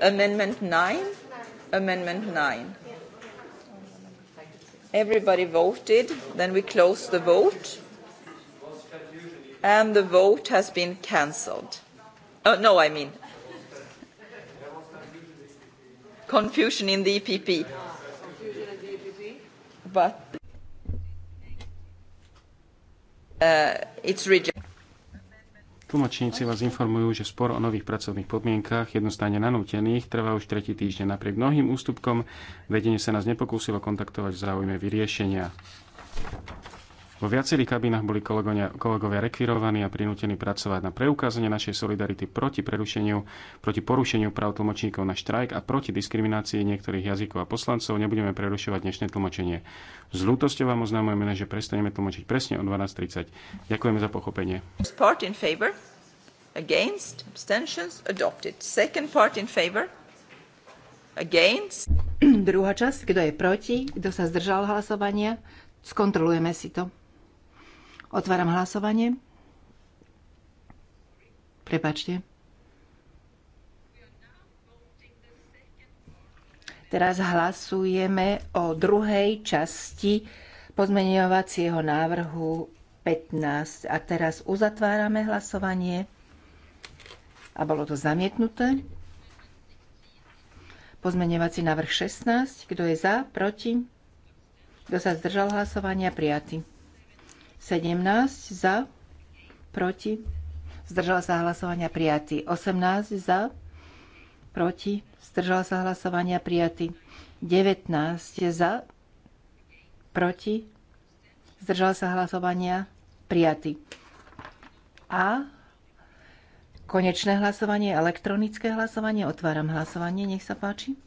Amendment 9? Amendment 9. Everybody voted. Then we close the vote. And the vote has been cancelled. Oh, no, I mean. Confusion in the EPP. But uh, it's rejected. Tlmočníci vás informujú, že spor o nových pracovných podmienkách jednostane nanútených trvá už tretí týždeň. Napriek mnohým ústupkom vedenie sa nás nepokúsilo kontaktovať v záujme vyriešenia. Vo viacerých kabinách boli kolegovia, kolegovia rekvirovaní a prinútení pracovať na preukázanie našej solidarity proti prerušeniu, proti porušeniu práv tlmočníkov na štrajk a proti diskriminácii niektorých jazykov a poslancov. Nebudeme prerušovať dnešné tlmočenie. S ľútosťou vám oznámujeme, že prestaneme tlmočiť presne o 12.30. Ďakujeme za pochopenie. Part in favor, against, abstentions, adopted. Second part in favor, against. Druhá časť, kto je proti, kto sa zdržal hlasovania, skontrolujeme si to. Otváram hlasovanie. Prepačte. Teraz hlasujeme o druhej časti pozmeňovacieho návrhu 15. A teraz uzatvárame hlasovanie. A bolo to zamietnuté. Pozmeňovací návrh 16. Kto je za? Proti? Kto sa zdržal hlasovania? Prijatý. 17 za, proti, zdržal sa hlasovania prijatý. 18 za, proti, zdržal sa hlasovania prijatý. 19 za, proti, zdržal sa hlasovania prijatý. A konečné hlasovanie, elektronické hlasovanie, otváram hlasovanie, nech sa páči.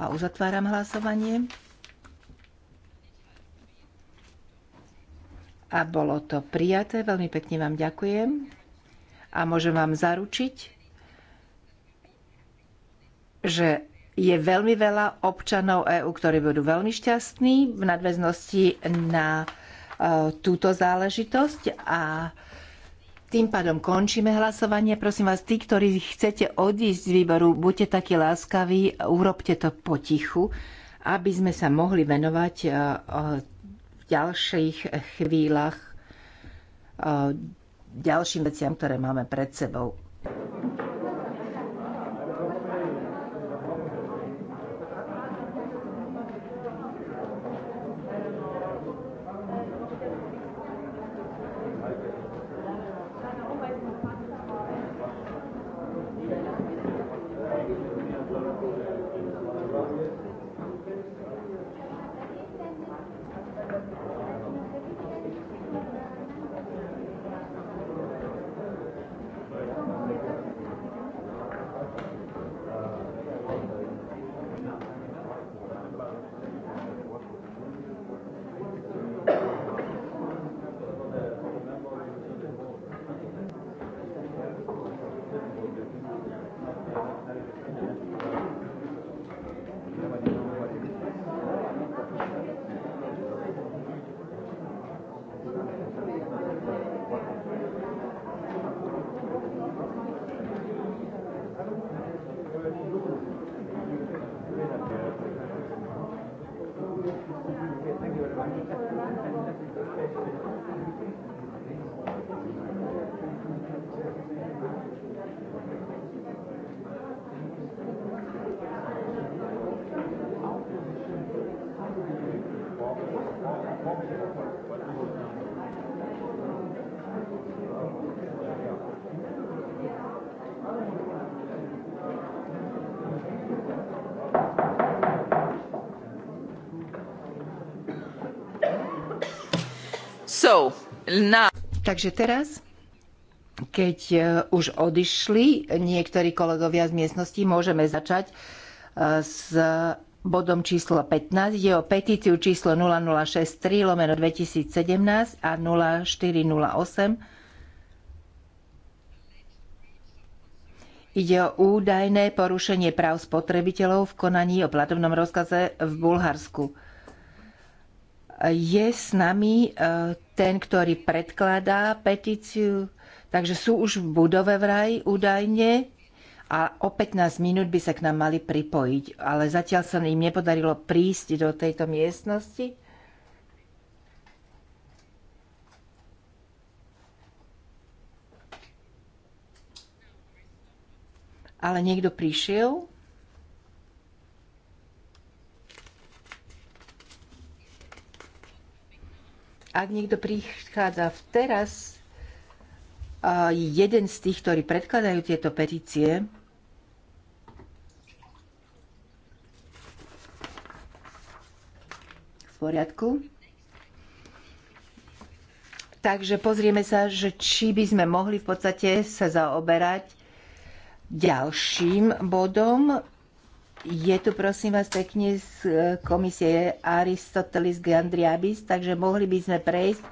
A uzatváram hlasovanie. a bolo to prijaté. Veľmi pekne vám ďakujem a môžem vám zaručiť, že je veľmi veľa občanov EÚ, ktorí budú veľmi šťastní v nadväznosti na e, túto záležitosť a tým pádom končíme hlasovanie. Prosím vás, tí, ktorí chcete odísť z výboru, buďte takí láskaví, urobte to potichu, aby sme sa mohli venovať e, e, ďalších chvíľach eh, ďalším veciam, ktoré máme pred sebou. Takže teraz, keď e, už odišli niektorí kolegovia z miestnosti, môžeme začať e, s bodom číslo 15. Ide o petíciu číslo 0063 lomeno 2017 a 0408 Ide o údajné porušenie práv spotrebiteľov v konaní o platobnom rozkaze v Bulharsku je s nami e, ten, ktorý predkladá petíciu, takže sú už v budove vraj údajne a o 15 minút by sa k nám mali pripojiť. Ale zatiaľ sa im nepodarilo prísť do tejto miestnosti. Ale niekto prišiel. ak niekto prichádza v teraz, jeden z tých, ktorí predkladajú tieto petície, v poriadku. Takže pozrieme sa, že či by sme mohli v podstate sa zaoberať ďalším bodom je tu prosím vás pekne z e, komisie Aristotelis Gandriabis, takže mohli by sme prejsť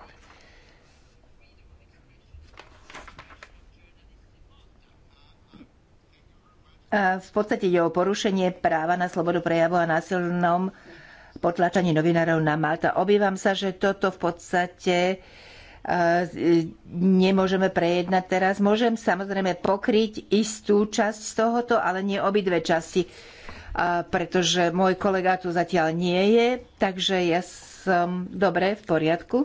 V podstate ide o porušenie práva na slobodu prejavu a násilnom potlačaní novinárov na Malta. Obývam sa, že toto v podstate e, nemôžeme prejednať teraz. Môžem samozrejme pokryť istú časť z tohoto, ale nie obidve časti pretože môj kolega tu zatiaľ nie je, takže ja som dobre, v poriadku.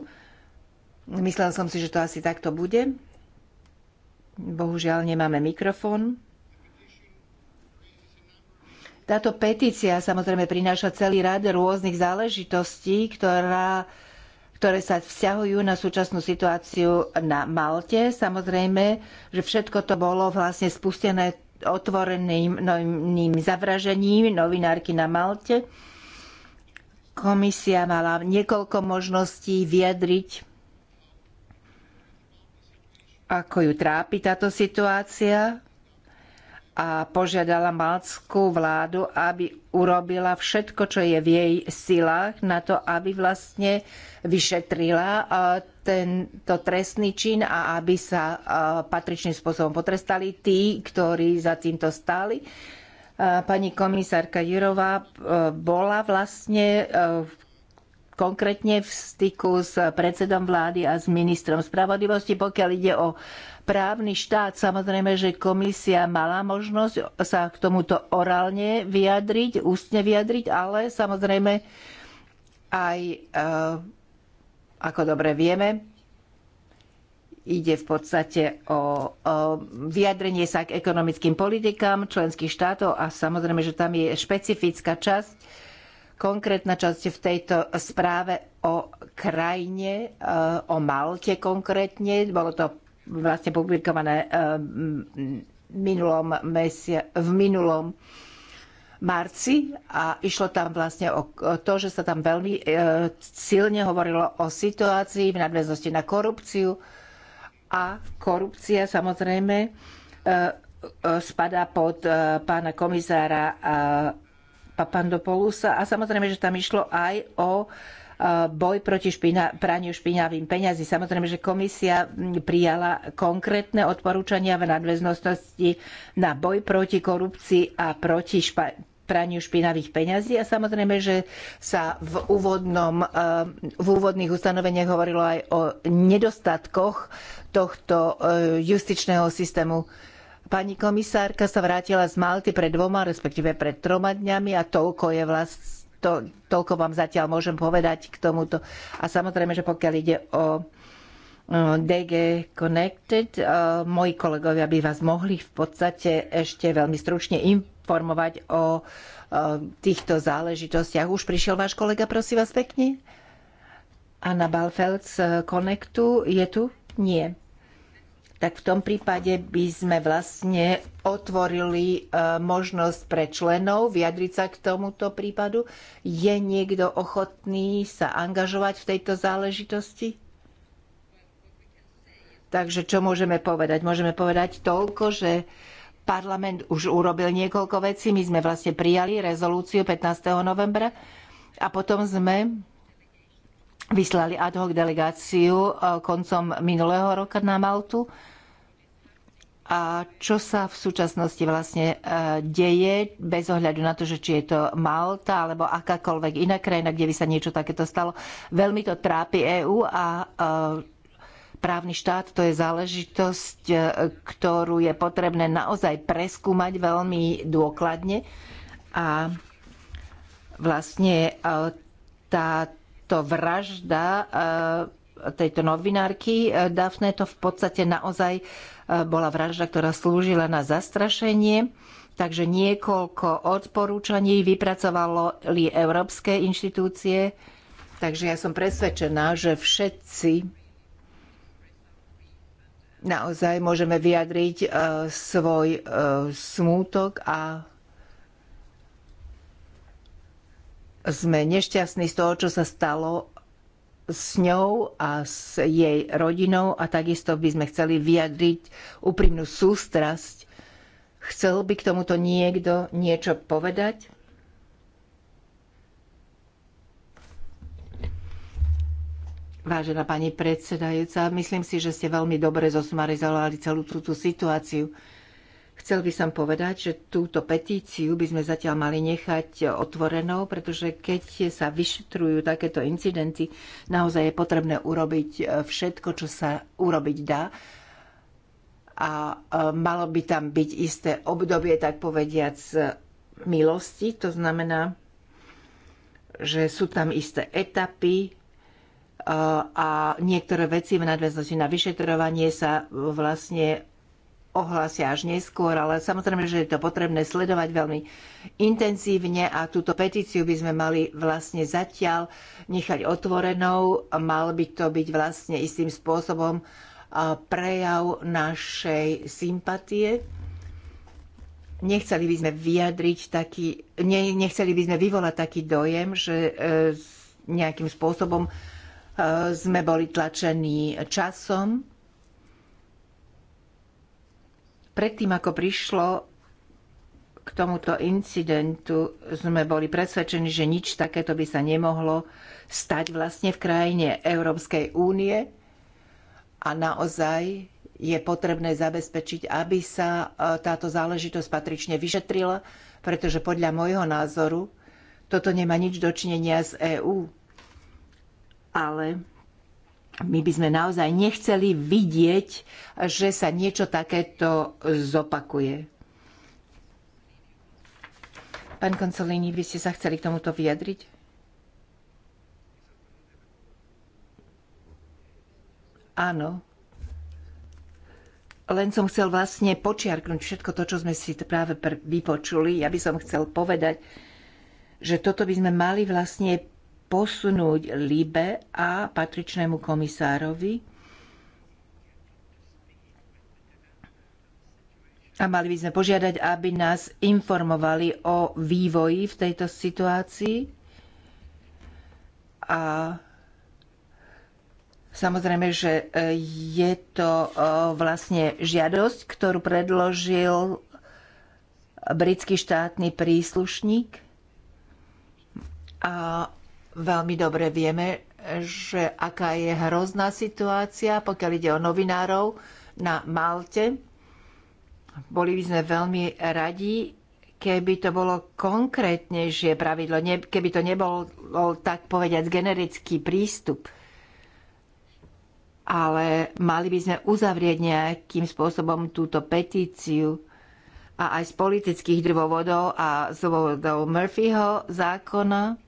Myslel som si, že to asi takto bude. Bohužiaľ nemáme mikrofón. Táto petícia samozrejme prináša celý rad rôznych záležitostí, ktorá, ktoré sa vzťahujú na súčasnú situáciu na Malte. Samozrejme, že všetko to bolo vlastne spustené otvoreným novým zavražením novinárky na Malte. Komisia mala niekoľko možností vyjadriť, ako ju trápi táto situácia a požiadala malckú vládu, aby urobila všetko, čo je v jej silách na to, aby vlastne vyšetrila eh, tento trestný čin a aby sa e, patričným spôsobom potrestali tí, ktorí za týmto stáli. E, pani komisárka Jurová e, bola vlastne konkrétne v styku s predsedom vlády a s ministrom spravodlivosti, pokiaľ ide o právny štát. Samozrejme, že komisia mala možnosť sa k tomuto orálne vyjadriť, ústne vyjadriť, ale samozrejme aj ako dobre vieme, ide v podstate o, o vyjadrenie sa k ekonomickým politikám členských štátov a samozrejme, že tam je špecifická časť, konkrétna časť v tejto správe o krajine, e, o Malte konkrétne. Bolo to vlastne publikované e, minulom mesia- v minulom marci a išlo tam vlastne o to, že sa tam veľmi e, silne hovorilo o situácii v nadväznosti na korupciu a korupcia samozrejme e, e, spadá pod pána komisára Papandopoulosa a samozrejme, že tam išlo aj o boj proti špina, praniu špinavým peňazí. Samozrejme, že komisia prijala konkrétne odporúčania v nadväznosti na boj proti korupcii a proti špa, praniu špinavých peňazí a samozrejme, že sa v, úvodnom, eh, v úvodných ustanoveniach hovorilo aj o nedostatkoch tohto eh, justičného systému. Pani komisárka sa vrátila z Malty pred dvoma, respektíve pred troma dňami a toľko je vlastne to, toľko vám zatiaľ môžem povedať k tomuto. A samozrejme, že pokiaľ ide o DG Connected. E, moji kolegovia by vás mohli v podstate ešte veľmi stručne informovať o e, týchto záležitostiach. Už prišiel váš kolega, prosím vás pekne? Anna Balfeld z Connectu je tu? Nie tak v tom prípade by sme vlastne otvorili e, možnosť pre členov vyjadriť sa k tomuto prípadu. Je niekto ochotný sa angažovať v tejto záležitosti? Takže čo môžeme povedať? Môžeme povedať toľko, že parlament už urobil niekoľko vecí. My sme vlastne prijali rezolúciu 15. novembra a potom sme vyslali ad hoc delegáciu e, koncom minulého roka na Maltu. A čo sa v súčasnosti vlastne e, deje, bez ohľadu na to, že či je to Malta alebo akákoľvek iná krajina, kde by sa niečo takéto stalo, veľmi to trápi EÚ a e, právny štát to je záležitosť, ktorú je potrebné naozaj preskúmať veľmi dôkladne. A vlastne tá táto vražda eh, tejto novinárky eh, Dafne to v podstate naozaj eh, bola vražda, ktorá slúžila na zastrašenie. Takže niekoľko odporúčaní vypracovalo li európske inštitúcie. Takže ja som presvedčená, že všetci naozaj môžeme vyjadriť svoj smútok a Sme nešťastní z toho, čo sa stalo s ňou a s jej rodinou a takisto by sme chceli vyjadriť úprimnú sústrasť. Chcel by k tomuto niekto niečo povedať? Vážená pani predsedajúca, myslím si, že ste veľmi dobre zosmarizovali celú túto situáciu. Chcel by som povedať, že túto petíciu by sme zatiaľ mali nechať otvorenou, pretože keď sa vyšetrujú takéto incidenty, naozaj je potrebné urobiť e, všetko, čo sa urobiť dá a e, malo by tam byť isté obdobie, tak povediac, e, milosti. To znamená, že sú tam isté etapy a niektoré veci v nadväznosti na vyšetrovanie sa vlastne ohlasia až neskôr, ale samozrejme, že je to potrebné sledovať veľmi intenzívne a túto petíciu by sme mali vlastne zatiaľ nechať otvorenou. Mal by to byť vlastne istým spôsobom prejav našej sympatie. Nechceli by sme vyjadriť taký, ne, nechceli by sme vyvolať taký dojem, že e, nejakým spôsobom e, sme boli tlačení časom, Predtým, ako prišlo k tomuto incidentu, sme boli presvedčení, že nič takéto by sa nemohlo stať vlastne v krajine Európskej únie a naozaj je potrebné zabezpečiť, aby sa e, táto záležitosť patrične vyšetrila, pretože podľa môjho názoru toto nemá nič dočinenia z EÚ. Ale my by sme naozaj nechceli vidieť, že sa niečo takéto zopakuje. Pán Konsolini, vy ste sa chceli k tomuto vyjadriť? Áno. Len som chcel vlastne počiarknúť všetko to, čo sme si práve vypočuli. Ja by som chcel povedať, že toto by sme mali vlastne posunúť LIBE a patričnému komisárovi. A mali by sme požiadať, aby nás informovali o vývoji v tejto situácii. A Samozrejme, že e, je to e, vlastne žiadosť, ktorú predložil britský štátny príslušník a Veľmi dobre vieme, že aká je hrozná situácia, pokiaľ ide o novinárov na Malte. Boli by sme veľmi radi, keby to bolo konkrétnejšie pravidlo, keby to nebol tak povediať generický prístup ale mali by sme uzavrieť nejakým spôsobom túto petíciu a aj z politických dôvodov a z dôvodov Murphyho zákona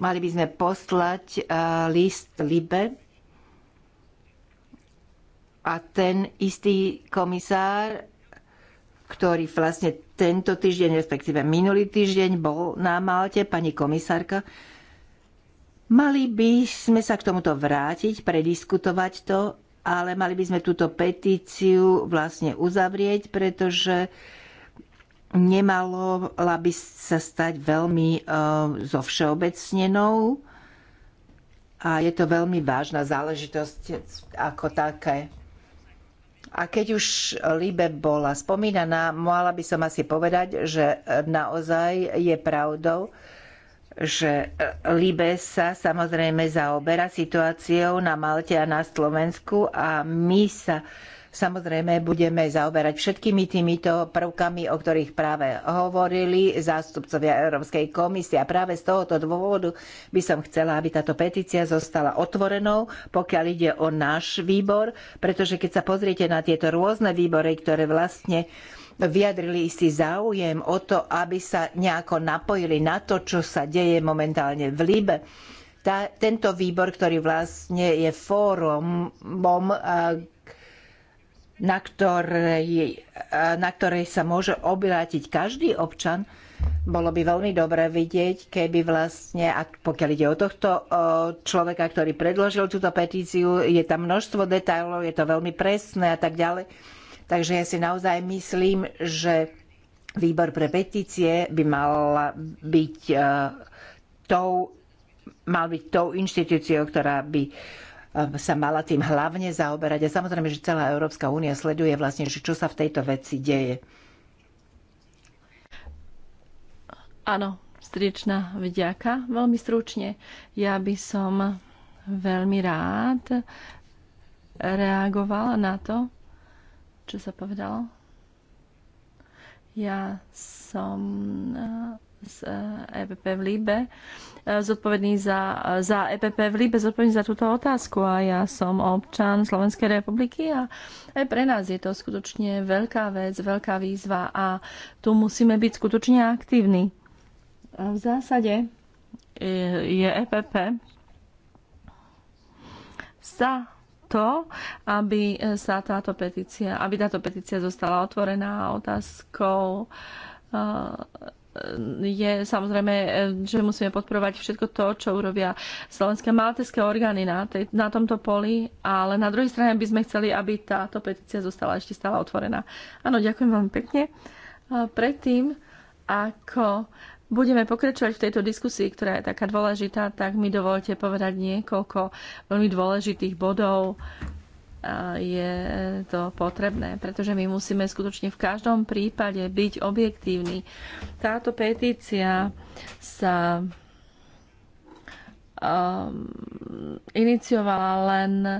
Mali by sme poslať eh, list Libe a ten istý komisár, ktorý vlastne tento týždeň, respektíve minulý týždeň bol na Malte, pani komisárka, mali by sme sa k tomuto vrátiť, prediskutovať to, ale mali by sme túto petíciu vlastne uzavrieť, pretože uh, nemalo by sa stať veľmi eh, zovšeobecnenou a je to veľmi vážna záležitosť ako také. A keď už Libe bola spomínaná, mohla by som asi povedať, že naozaj je pravdou, že Libe sa samozrejme zaoberá situáciou na Malte a na Slovensku a my sa Samozrejme, budeme zaoberať všetkými týmito prvkami, o ktorých práve hovorili zástupcovia Európskej komisie. A práve z tohoto dôvodu by som chcela, aby táto petícia zostala otvorenou, pokiaľ ide o náš výbor, pretože keď sa pozriete na tieto rôzne výbory, ktoré vlastne vyjadrili istý záujem o to, aby sa nejako napojili na to, čo sa deje momentálne v Líbe. Tá, tento výbor, ktorý vlastne je fórumom na ktorej, e, na ktorej sa môže obrátiť každý občan, bolo by veľmi dobré vidieť, keby vlastne, a pokiaľ ide o tohto e, človeka, ktorý predložil túto petíciu, je tam množstvo detailov, je to veľmi presné a tak ďalej. Takže ja si naozaj myslím, že výbor pre petície by mal byť e, tou, mal byť tou inštitúciou, ktorá by E, sa mala tým hlavne zaoberať. A samozrejme, že celá Európska únia sleduje vlastne, že čo sa v tejto veci deje. Áno, stričná vďaka. Veľmi stručne. Ja by som veľmi rád reagovala na to, čo sa povedalo. Ja som z EPP eh, e v Líbe, eh, zodpovedný za, eh, za EPP v Líbe, zodpovedný za túto otázku a ja som občan Slovenskej republiky a aj pre nás je to skutočne veľká vec, veľká výzva a tu musíme byť skutočne aktívni. A v zásade je EPP za to, aby sa táto petícia, aby táto petícia zostala otvorená otázkou je samozrejme, e, že musíme podporovať všetko to, čo urobia slovenské malteské orgány na, tej, na tomto poli, ale na druhej strane by sme chceli, aby táto petícia zostala ešte stále otvorená. Áno, ďakujem veľmi pekne. Predtým, ako budeme pokračovať v tejto diskusii, ktorá je taká dôležitá, tak mi dovolte povedať niekoľko veľmi dôležitých bodov, je to potrebné, pretože my musíme skutočne v každom prípade byť objektívni. Táto petícia sa um, iniciovala len um,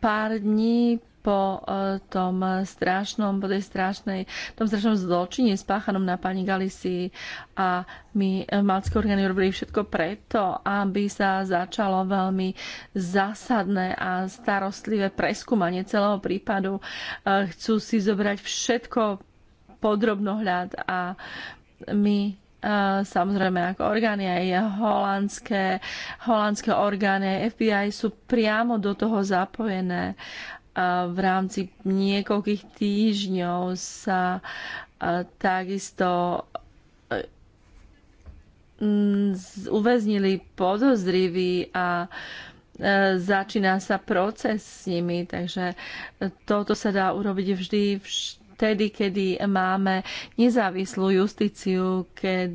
pár dní po e, tom strašnom, po tej strašnej, tom strašnom zločine spáchanom na pani Galisi a my e, malcké orgány robili všetko preto, aby sa začalo veľmi zásadné a starostlivé preskúmanie celého prípadu. E, chcú si zobrať všetko podrobnohľad a my samozrejme ako orgány aj holandské, holandské orgány, aj FBI sú priamo do toho zapojené v rámci niekoľkých týždňov sa takisto e, uväznili podozriví a e, začína sa proces s nimi, takže e, toto sa dá urobiť vždy, vždy vtedy, kedy máme nezávislú justíciu, keď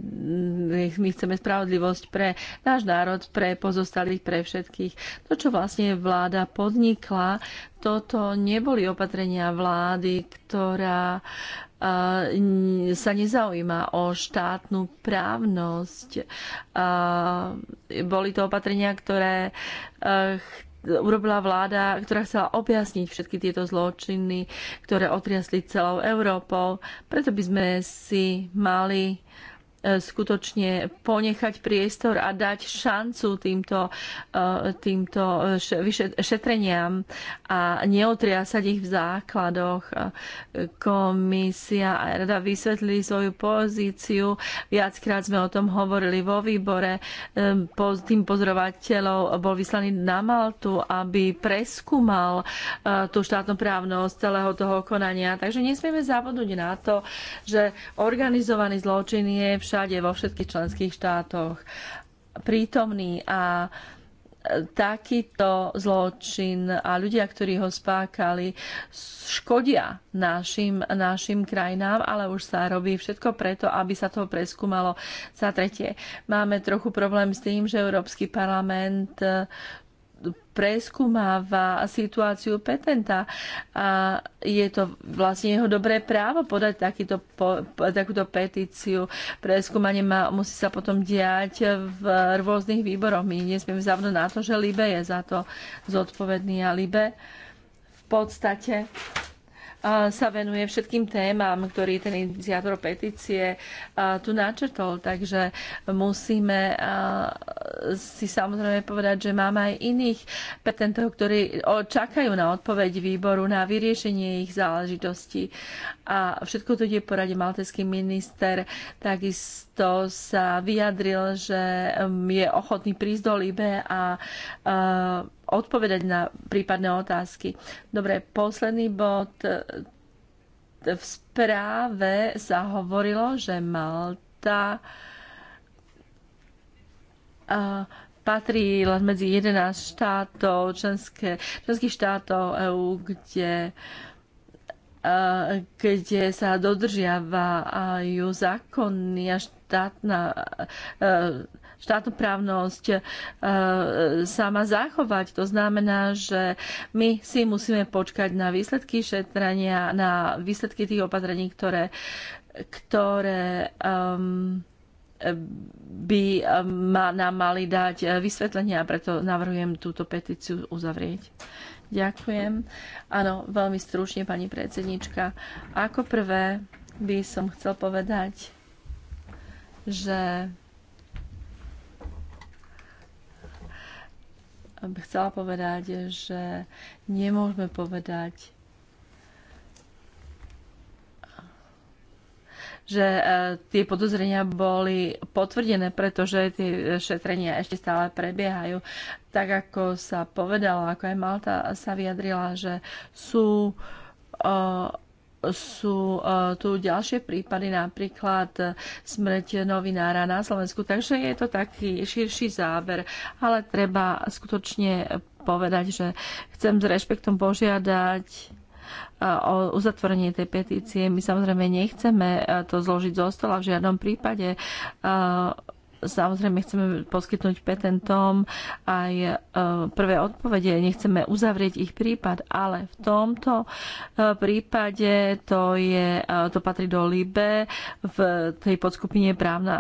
my chceme spravodlivosť pre náš národ, pre pozostalých, pre všetkých. To, čo vlastne vláda podnikla, toto neboli opatrenia vlády, ktorá sa nezaujíma o štátnu právnosť. Boli to opatrenia, ktoré urobila vláda, ktorá chcela objasniť všetky tieto zločiny, ktoré otriasli celou Európou. Preto by sme si mali E, skutočne ponechať priestor a dať šancu týmto, e, týmto šetreniam a neotriasať ich v základoch. E, komisia a rada vysvetlili svoju pozíciu. Viackrát sme o tom hovorili vo výbore. Tým pozorovateľov bol vyslaný na Maltu, aby preskúmal tú štátnoprávnosť celého toho konania. Takže nesmieme zabudnúť na to, že organizovaný zločin je však všade, vo všetkých členských štátoch prítomný a e, takýto zločin a ľudia, ktorí ho spákali, škodia našim, našim krajinám, ale už sa robí všetko preto, aby sa to preskúmalo. Za tretie, máme trochu problém s tým, že Európsky parlament preskúmáva situáciu petenta a je to vlastne jeho dobré právo podať takýto, po, takúto petíciu. Preskúmanie má, musí sa potom diať v rôznych výboroch. My nesmieme zavnúť na to, že Libe je za to zodpovedný a Libe v podstate sa venuje všetkým témam, ktorý ten iniciátor petície tu načrtol. Takže musíme si samozrejme povedať, že máme aj iných petentov, ktorí čakajú na odpoveď výboru na vyriešenie ich záležitostí a všetko to ide poradiť maltecký minister. Takisto sa vyjadril, že um, je ochotný prísť do Libe a uh, odpovedať na prípadné otázky. Dobre, posledný bod. V správe sa hovorilo, že Malta uh, patrí medzi 11 štátov, členské, členských štátov EÚ, kde uh, kde sa dodržiavajú zákony a štátna e, štátoprávnosť e, sa má zachovať. To znamená, že my si musíme počkať na výsledky šetrania, na výsledky tých opatrení, ktoré, ktoré um, by ma, nám mali dať vysvetlenia a preto navrhujem túto petíciu uzavrieť. Ďakujem. Áno, veľmi stručne, pani predsednička. Ako prvé by som chcel povedať, že chcela povedať, že nemôžeme povedať, že e, tie podozrenia boli potvrdené, pretože tie e, šetrenia ešte stále prebiehajú. Tak ako sa povedalo, ako aj Malta sa vyjadrila, že sú e, sú tu ďalšie prípady, napríklad smrť novinára na Slovensku. Takže je to taký širší záber, ale treba skutočne povedať, že chcem s rešpektom požiadať o uzatvorenie tej petície. My samozrejme nechceme e, to zložiť zo stola v žiadnom prípade Samozrejme, chceme poskytnúť petentom aj e, prvé odpovede, nechceme uzavrieť ich prípad, ale v tomto e, prípade to, je, e, to patrí do LIBE v tej podskupine právna,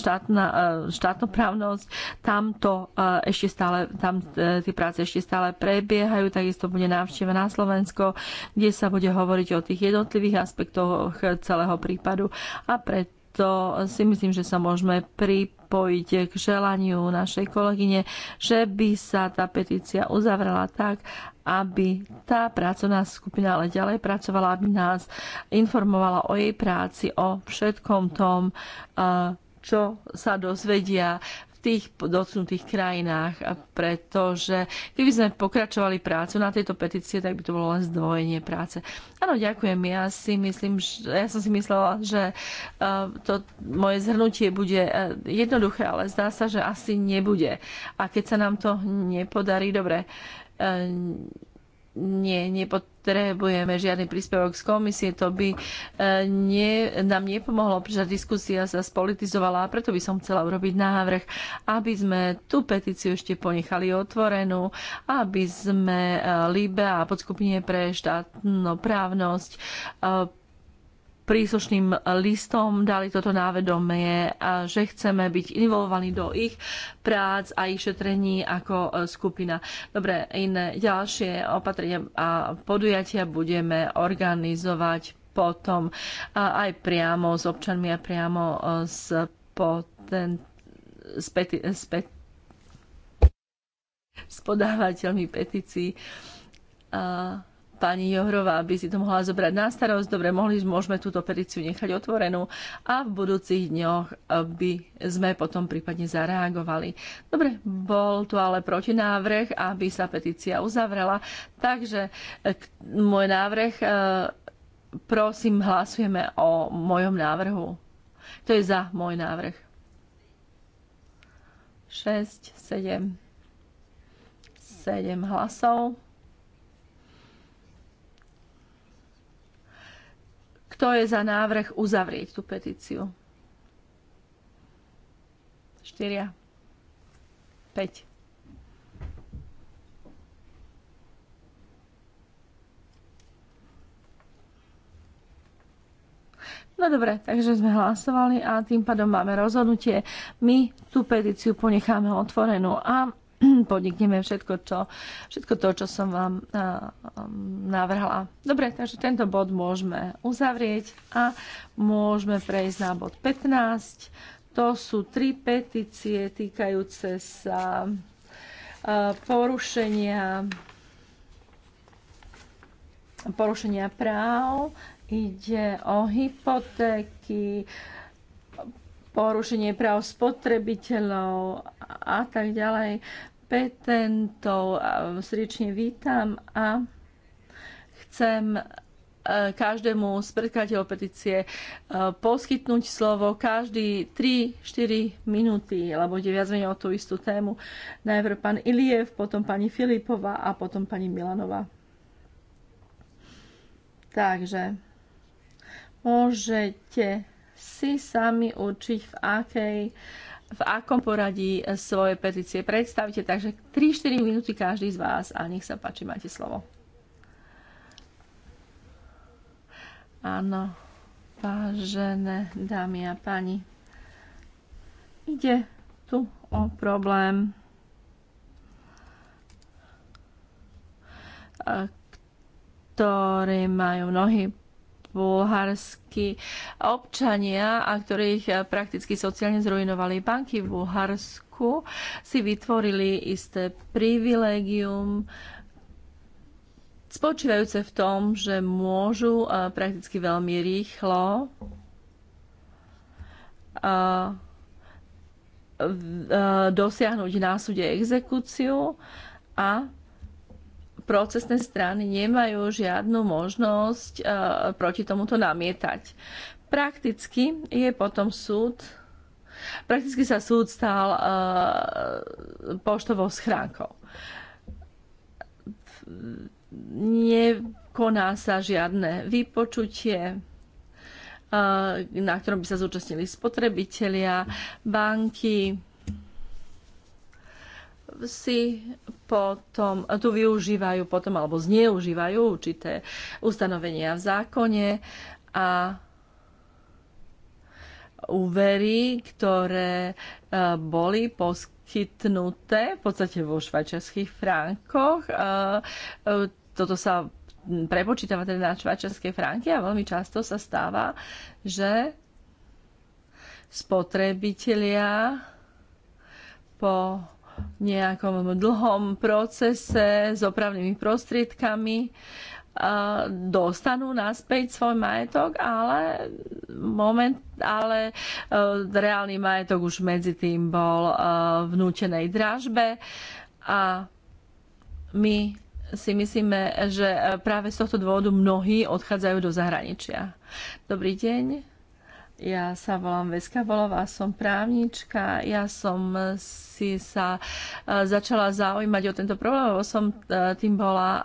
štátna, štátnoprávnosť. Tam to ešte stále, tam tie práce ešte stále prebiehajú, takisto bude návšteva na Slovensko, kde sa bude hovoriť o tých jednotlivých aspektoch celého prípadu a preto si myslím, že sa môžeme pri pripojiť k želaniu našej kolegyne, že by sa tá petícia uzavrela tak, aby tá pracovná skupina ale ďalej pracovala, aby nás informovala o jej práci, o všetkom tom, čo sa dozvedia tých dotknutých krajinách, pretože keby sme pokračovali prácu na tejto petície, tak by to bolo len zdvojenie práce. Áno, ďakujem. Ja, si myslím, že, ja som si myslela, že e, to moje zhrnutie bude e, jednoduché, ale zdá sa, že asi nebude. A keď sa nám to nepodarí, dobre, e, nie, nepotrebujeme žiadny príspevok z komisie, to by e, nie, nám nepomohlo, pretože diskusia sa spolitizovala a preto by som chcela urobiť návrh, aby sme tú petíciu ešte ponechali otvorenú, aby sme e, LIBE a podskupine pre štátnoprávnosť e, príslušným listom dali toto návedomie, že chceme byť involvovaní do ich prác a ich šetrení ako e, skupina. Dobre, iné ďalšie opatrenia a podujatia budeme organizovať potom aj priamo s občanmi a priamo e, s poten, s, peti, s, pet, s podávateľmi petícií. A pani Johrová by si to mohla zobrať na starosť. Dobre, mohli, môžeme túto petíciu nechať otvorenú a v budúcich dňoch eh, by sme potom prípadne zareagovali. Dobre, bol tu ale protinávrh, aby sa petícia uzavrela. Takže eh, môj návrh, eh, prosím, hlasujeme o mojom návrhu. To je za môj návrh. 6, 7, 7 hlasov. Kto je za návrh uzavrieť tú petíciu? 4. 5. No dobre, takže sme hlasovali a tým pádom máme rozhodnutie. My tú petíciu ponecháme otvorenú a podnikneme všetko, čo, všetko to, čo som vám eh, eh, navrhla. Dobre, takže tento bod môžeme uzavrieť a môžeme prejsť na bod 15. To sú tri petície týkajúce sa eh, porušenia porušenia práv, ide o hypotéky, porušenie práv spotrebiteľov a tak ďalej. Petentov srdečne vítam a chcem e, každému z predkladateľov petície e, poskytnúť slovo každý 3-4 minúty, lebo ide viac menej o tú istú tému. Najprv pán Iliev, potom pani Filipova a potom pani Milanova. Takže môžete si sami určiť, v, akej, v akom poradí svoje petície predstavíte. Takže 3-4 minúty každý z vás a nech sa páči, máte slovo. Áno, vážené dámy a páni, ide tu o problém, ktorý majú mnohí bulharskí občania a ktorých eh, prakticky sociálne zrujnovali banky v Bulharsku, si vytvorili isté privilégium spočívajúce v tom, že môžu eh, prakticky veľmi rýchlo eh, dosiahnuť na súde exekúciu a procesné strany nemajú žiadnu možnosť e, proti tomuto namietať. Prakticky je potom súd Prakticky sa súd stal e, poštovou schránkou. Nekoná sa žiadne vypočutie, e, na ktorom by sa zúčastnili spotrebitelia, banky, si potom, tu využívajú potom alebo zneužívajú určité ustanovenia v zákone a úvery, ktoré e, boli poskytnuté v podstate vo švajčiarských frankoch. E, e, toto sa prepočítava teda na švajčiarske franky a veľmi často sa stáva, že spotrebitelia po nejakom dlhom procese s opravnými prostriedkami dostanú naspäť svoj majetok, ale, moment, ale e, reálny majetok už medzi tým bol e, v nútenej dražbe a my si myslíme, že práve z tohto dôvodu mnohí odchádzajú do zahraničia. Dobrý deň. Ja sa volám Veska Volová, som právnička. Ja som eh, si sa eh, začala zaujímať o tento problém, lebo som eh, tým bola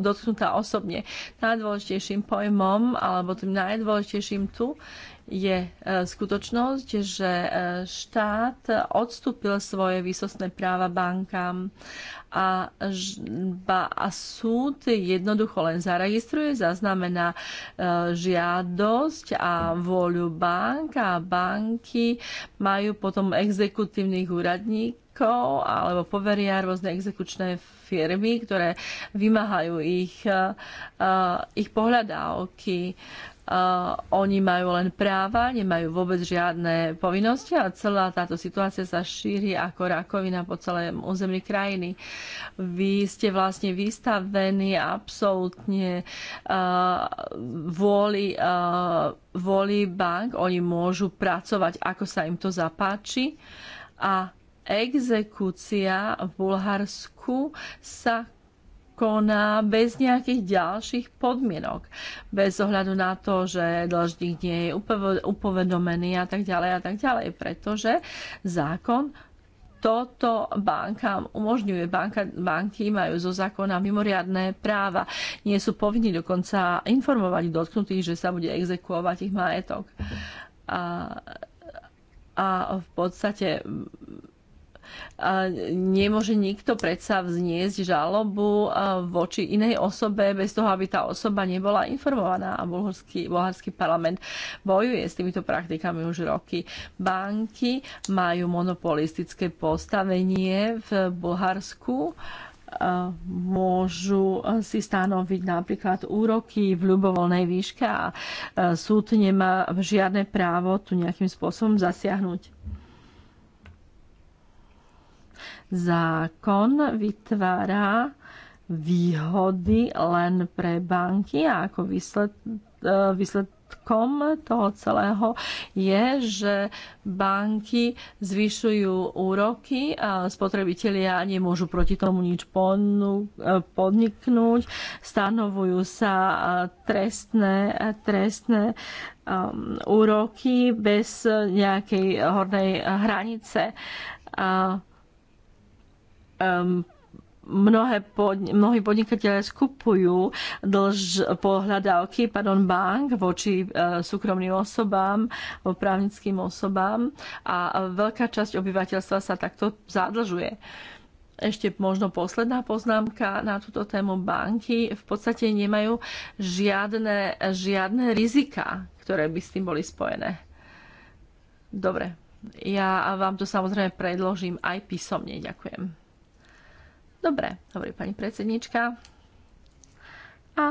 dotknutá osobne. Najdôležitejším pojmom, alebo tým najdôležitejším tu, je e, skutočnosť, že e, štát odstúpil svoje výsostné práva bankám a, a súd jednoducho len zaregistruje, zaznamená e, žiadosť a vôľu bank a banky majú potom exekutívnych úradníkov alebo poveria rôzne exekučné firmy, ktoré vymáhajú ich, ich pohľadávky Eh, oni majú len práva, nemajú vôbec žiadne povinnosti a celá táto situácia sa šíri ako rakovina po celém území krajiny. Vy ste vlastne vystavení absolútne uh, vôli, uh, vôli bank, oni môžu pracovať, ako sa im to zapáči a exekúcia v Bulharsku sa koná bez nejakých ďalších podmienok. Bez ohľadu na to, že dlžník nie je upovedomený a tak ďalej a tak ďalej, pretože zákon toto bankám umožňuje. Banka, banky majú zo zákona mimoriadné práva. Nie sú povinni dokonca informovať dotknutých, že sa bude exekuovať ich majetok. A, a v podstate nemôže nikto predsa vzniesť žalobu voči inej osobe bez toho, aby tá osoba nebola informovaná. A bulharský, bulharský parlament bojuje s týmito praktikami už roky. Banky majú monopolistické postavenie v Bulharsku môžu si stanoviť napríklad úroky v ľubovoľnej výške a súd nemá žiadne právo tu nejakým spôsobom zasiahnuť zákon vytvára výhody len pre banky a ako výsled, e, výsledkom toho celého je, že banky zvyšujú úroky a spotrebitelia nemôžu proti tomu nič e, podniknúť. Stanovujú sa e, trestné, trestné um, úroky bez nejakej hornej hranice. A um, mnohé pod, mnohí podnikatelia skupujú dlž pohľadávky pardon, bank voči e, súkromným osobám, právnickým osobám a veľká časť obyvateľstva sa takto zadlžuje. Ešte možno posledná poznámka na túto tému. Banky v podstate nemajú žiadne, žiadne rizika, ktoré by s tým boli spojené. Dobre, ja vám to samozrejme predložím aj písomne. Ďakujem. Dobre, hovorí pani predsednička. A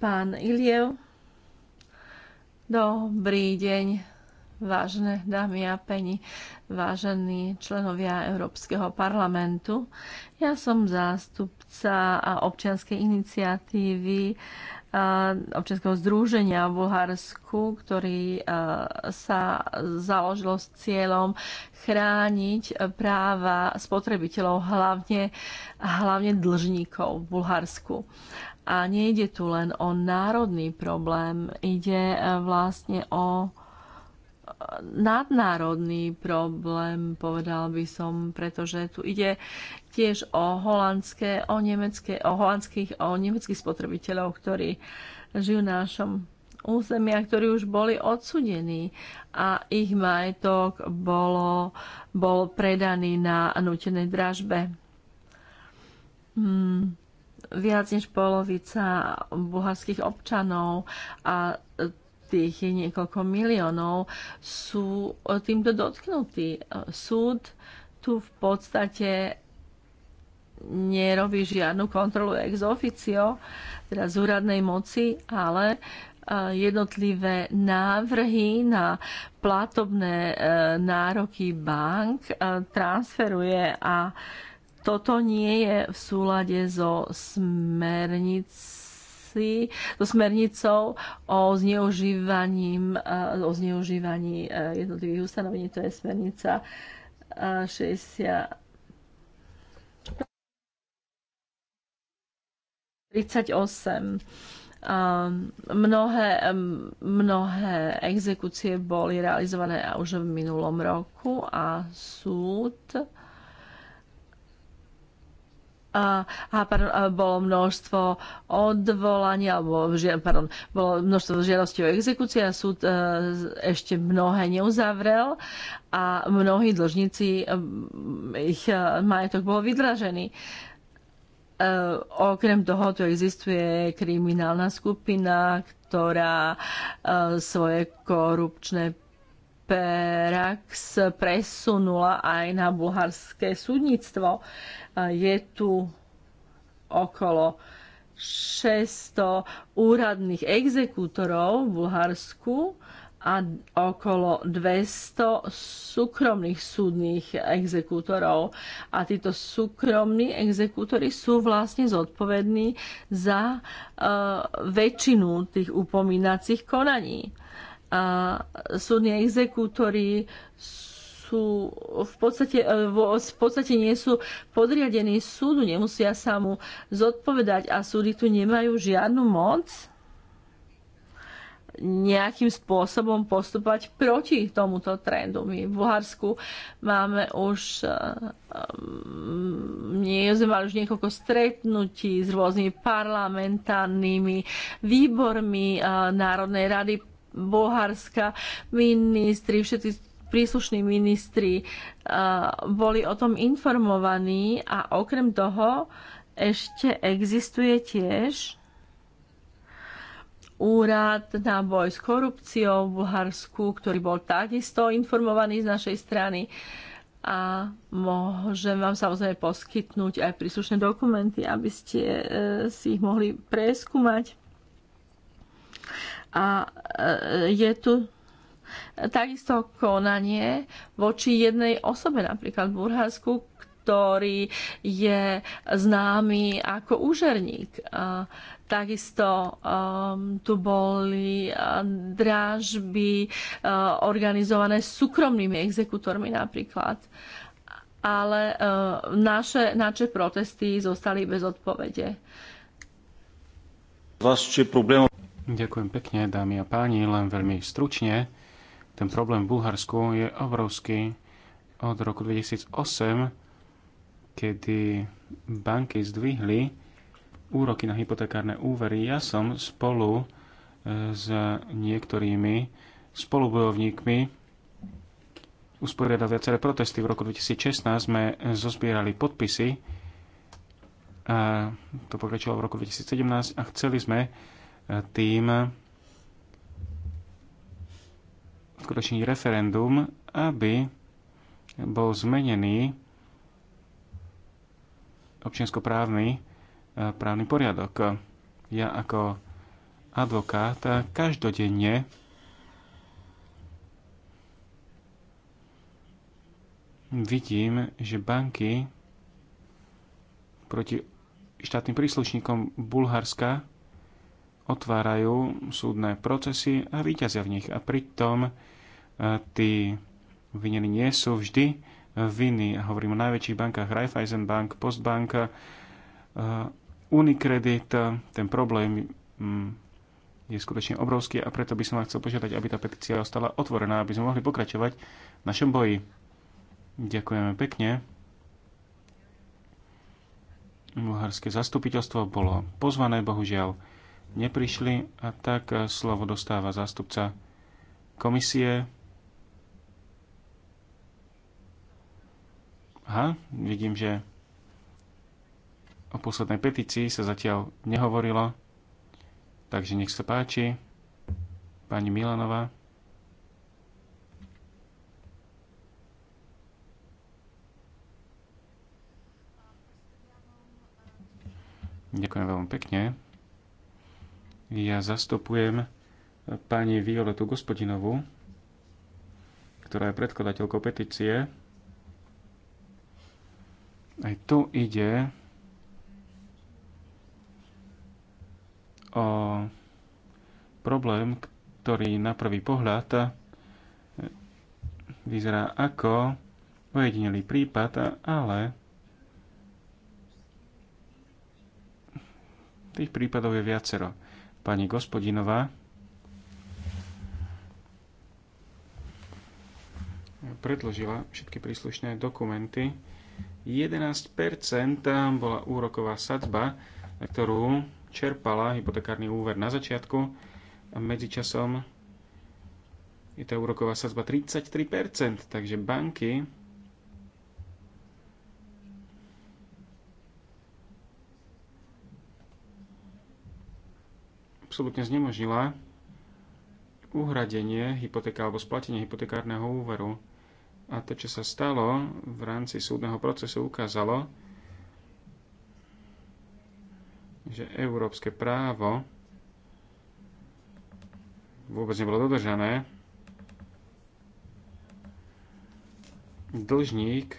pán Iliev. Dobrý deň, vážne dámy a peni, vážení členovia Európskeho parlamentu. Ja som zástupca občianskej iniciatívy občianského združenia v Bulharsku, ktorý sa založilo s cieľom chrániť práva spotrebiteľov, hlavne, hlavne dlžníkov v Bulharsku. A nejde tu len o národný problém, ide e, vlastne o nadnárodný problém, povedal by som, pretože tu ide tiež o holandské, o nemecké, o holandských, o nemeckých spotrebiteľov, ktorí žijú na našom územia, ktorí už boli odsudení a ich majetok bolo, bol predaný na nutenej dražbe. Hmm, viac než polovica bulharských občanov a tých niekoľko miliónov sú e, týmto dotknutí. E, súd tu v podstate nerobí žiadnu kontrolu ex officio, teda z úradnej moci, ale e, jednotlivé návrhy na platobné nároky bank transferuje a toto nie je v súlade so smernicou súvisí so smernicou o zneužívaní, eh, o zneužívaní eh, jednotlivých ustanovení. To je smernica 60 eh, 38. Ehm, mnohé, ehm, mnohé exekúcie boli realizované už v minulom roku a súd a, a pardon, bolo množstvo odvolania, alebo pardon, bolo množstvo žiadostí o exekúcii a súd e, ešte mnohé neuzavrel a mnohí dlžníci, e, ich e, majetok bol vydražený. okrem toho tu existuje kriminálna skupina, ktorá svoje korupčné prax presunula aj na bulharské súdnictvo. Je tu okolo 600 úradných exekútorov v Bulharsku a okolo 200 súkromných súdnych exekútorov. A títo súkromní exekútory sú vlastne zodpovední za uh, väčšinu tých upomínacích konaní a súdni exekútori sú v podstate, e, v podstate nie sú podriadení súdu, nemusia sa mu zodpovedať a súdy tu nemajú žiadnu moc nejakým spôsobom postupovať proti tomuto trendu. My v Bulharsku máme už e, nie sme mali už niekoľko stretnutí s rôznymi parlamentárnymi výbormi e, Národnej rady Bulharska, ministri, všetci príslušní ministri boli o tom informovaní a okrem toho ešte existuje tiež úrad na boj s korupciou v Bulharsku, ktorý bol takisto informovaný z našej strany a môžem vám samozrejme poskytnúť aj príslušné dokumenty, aby ste e, si ich mohli preskúmať. A e, je tu takisto konanie voči jednej osobe, napríklad v Burhansku, ktorý je známy ako úžerník. Takisto um, tu boli drážby uh, e, organizované súkromnými exekutormi napríklad. Ale uh, naše, naše protesty zostali bez odpovede. či problém... Ďakujem pekne, dámy a páni, len veľmi stručne. Ten problém v Bulharsku je obrovský od roku 2008, kedy banky zdvihli úroky na hypotekárne úvery. Ja som spolu e, s niektorými spolubojovníkmi usporiadal viaceré protesty. V roku 2016 sme zozbierali podpisy a to pokračovalo v roku 2017 a chceli sme tým skutočný referendum, aby bol zmenený občianskoprávny e, právny poriadok. Ja ako advokát každodenne vidím, že banky proti štátnym príslušníkom Bulharska otvárajú súdne procesy a vyťazia v nich. A pritom e, tí vinení nie sú vždy viny. hovorím o najväčších bankách Raiffeisen Bank, Postbank, e, Unicredit. Ten problém mm, je skutočne obrovský a preto by som vám chcel požiadať, aby tá petícia ostala otvorená, aby sme mohli pokračovať v našom boji. Ďakujeme pekne. Bulharské zastupiteľstvo bolo pozvané, bohužiaľ neprišli a tak eh, slovo dostáva zástupca komisie. Aha, vidím, že o poslednej petícii sa zatiaľ nehovorilo, takže nech sa páči, pani Milanová. Ďakujem veľmi pekne. Ja zastupujem e, pani Violetu Gospodinovu, ktorá je predkladateľkou petície. Aj tu ide o problém, ktorý na prvý pohľad e, vyzerá ako ojedinelý prípad, ale tých prípadov je viacero pani Gospodinová. predložila všetky príslušné dokumenty. 11% bola úroková sadzba, ktorú čerpala hypotekárny úver na začiatku a medzičasom je tá úroková sadzba 33%, takže banky absolútne znemožnila uhradenie hypotéka alebo splatenie hypotekárneho úveru. A to, čo sa stalo v rámci súdneho procesu, ukázalo, že európske právo vôbec nebolo dodržané. Dlžník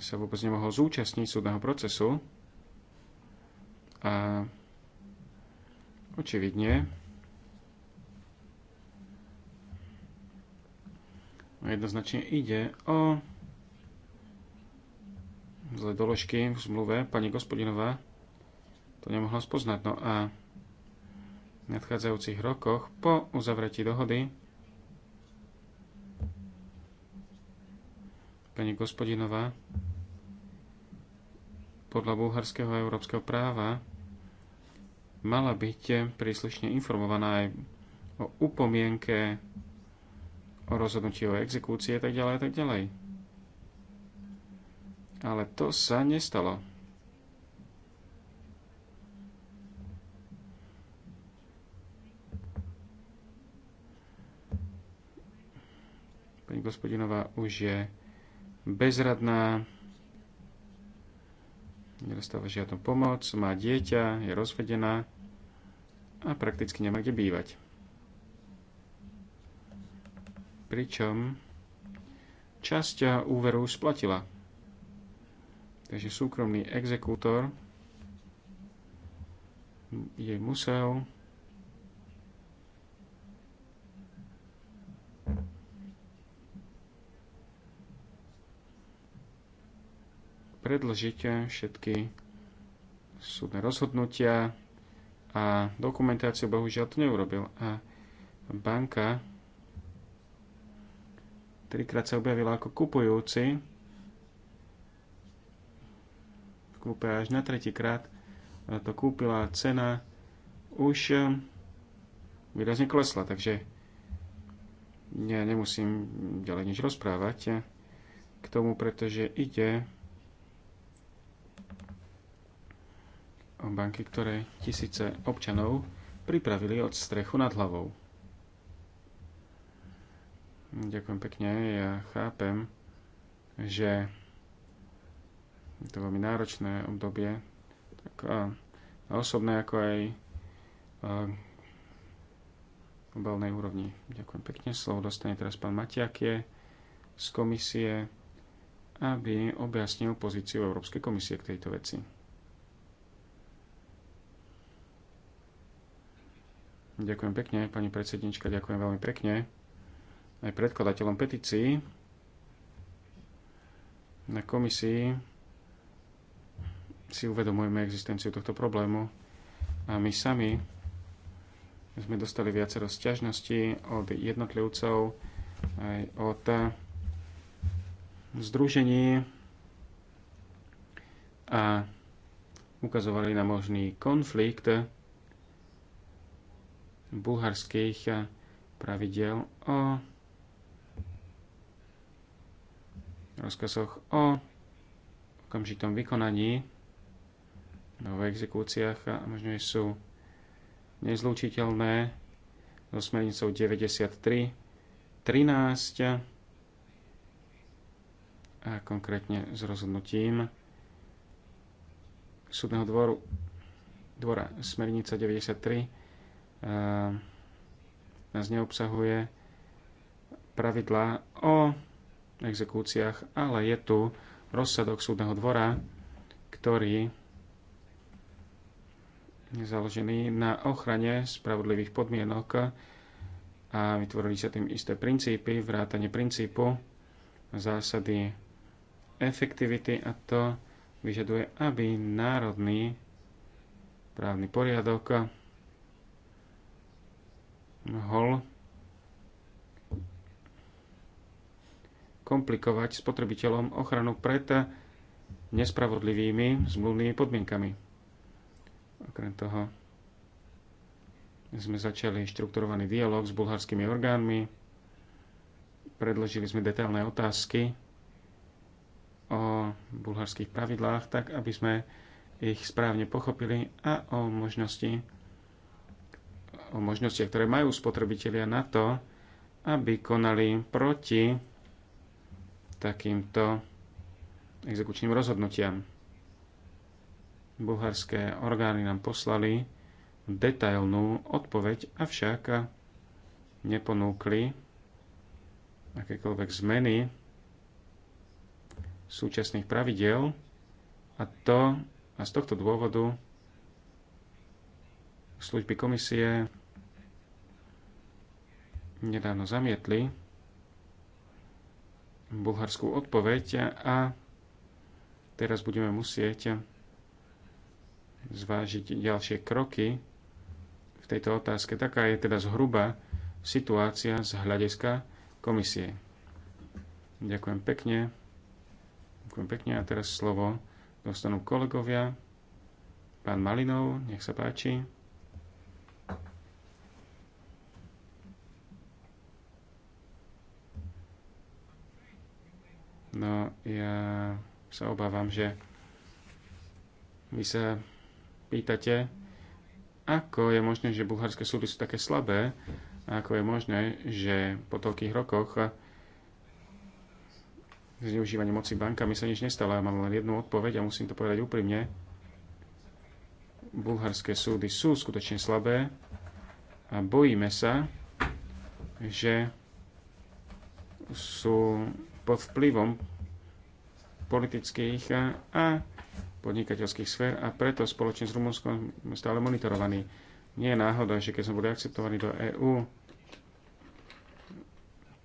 sa vôbec nemohol zúčastniť súdneho procesu. A očividne jednoznačne ide o zle doložky v zmluve. Pani Gospodinová to nemohla spoznať. No a v nadchádzajúcich rokoch po uzavretí dohody pani Gospodinová podľa bulharského a európskeho práva mala byť príslušne informovaná aj o upomienke, o rozhodnutí o exekúcii a tak ďalej a tak ďalej. Ale to sa nestalo. Pani gospodinová už je bezradná nedostáva žiadnu pomoc, má dieťa, je rozvedená a prakticky nemá kde bývať. Pričom časť úveru už splatila. Takže súkromný exekútor jej musel predlžiť všetky súdne rozhodnutia a dokumentáciu bohužiaľ to neurobil. A banka trikrát sa objavila ako kupujúci kúpe až na tretíkrát to kúpila cena už výrazne klesla, takže ja nemusím ďalej nič rozprávať k tomu, pretože ide o banky, ktoré tisíce občanov pripravili od strechu nad hlavou. Ďakujem pekne, ja chápem, že je to veľmi náročné obdobie, tak a, osobné ako aj globálnej úrovni. Ďakujem pekne. Slovo dostane teraz pán Matiakie z komisie, aby objasnil pozíciu Európskej komisie k tejto veci. Ďakujem pekne, pani predsednička, ďakujem veľmi pekne aj predkladateľom petícií na komisii si uvedomujeme existenciu tohto problému a my sami sme dostali viacero sťažností od jednotlivcov, aj od združení a ukazovali na možný konflikt bulharských eh, pravidel o rozkazoch o okamžitom vykonaní v exekúciách a eh, možno sú nezlučiteľné so smernicou 93 13 eh, a konkrétne s rozhodnutím súdneho dvoru, dvora smernica 93 nás neobsahuje pravidlá o exekúciách, ale je tu rozsadok súdneho dvora, ktorý je založený na ochrane spravodlivých podmienok a vytvorili sa tým isté princípy, vrátanie princípu, zásady efektivity a to vyžaduje, aby národný právny poriadok mohol komplikovať spotrebiteľom ochranu pred nespravodlivými zmluvnými podmienkami. Okrem toho sme začali štrukturovaný dialog s bulharskými orgánmi, predložili sme detailné otázky o bulharských pravidlách, tak aby sme ich správne pochopili a o možnosti o možnostiach, ktoré majú spotrebitelia na to, aby konali proti takýmto exekučným rozhodnutiam. Bulharské orgány nám poslali detailnú odpoveď, avšak neponúkli akékoľvek zmeny súčasných pravidel a to a z tohto dôvodu služby komisie nedávno zamietli bulharskú odpoveď a teraz budeme musieť zvážiť ďalšie kroky v tejto otázke. Taká je teda zhruba situácia z hľadiska komisie. Ďakujem pekne. Ďakujem pekne a teraz slovo dostanú kolegovia. Pán Malinov, nech sa páči. No, ja sa obávam, že vy sa pýtate, ako je možné, že bulharské súdy sú také slabé, a ako je možné, že po toľkých rokoch zneužívanie moci bankami sa nič nestalo. Ja mám len jednu odpoveď a musím to povedať úprimne. Bulharské súdy sú skutočne slabé a bojíme sa, že sú pod vplyvom politických a podnikateľských sfér a preto spoločne s Rumunskom sme stále monitorovaní. Nie je náhoda, že keď sme boli akceptovaní do EÚ,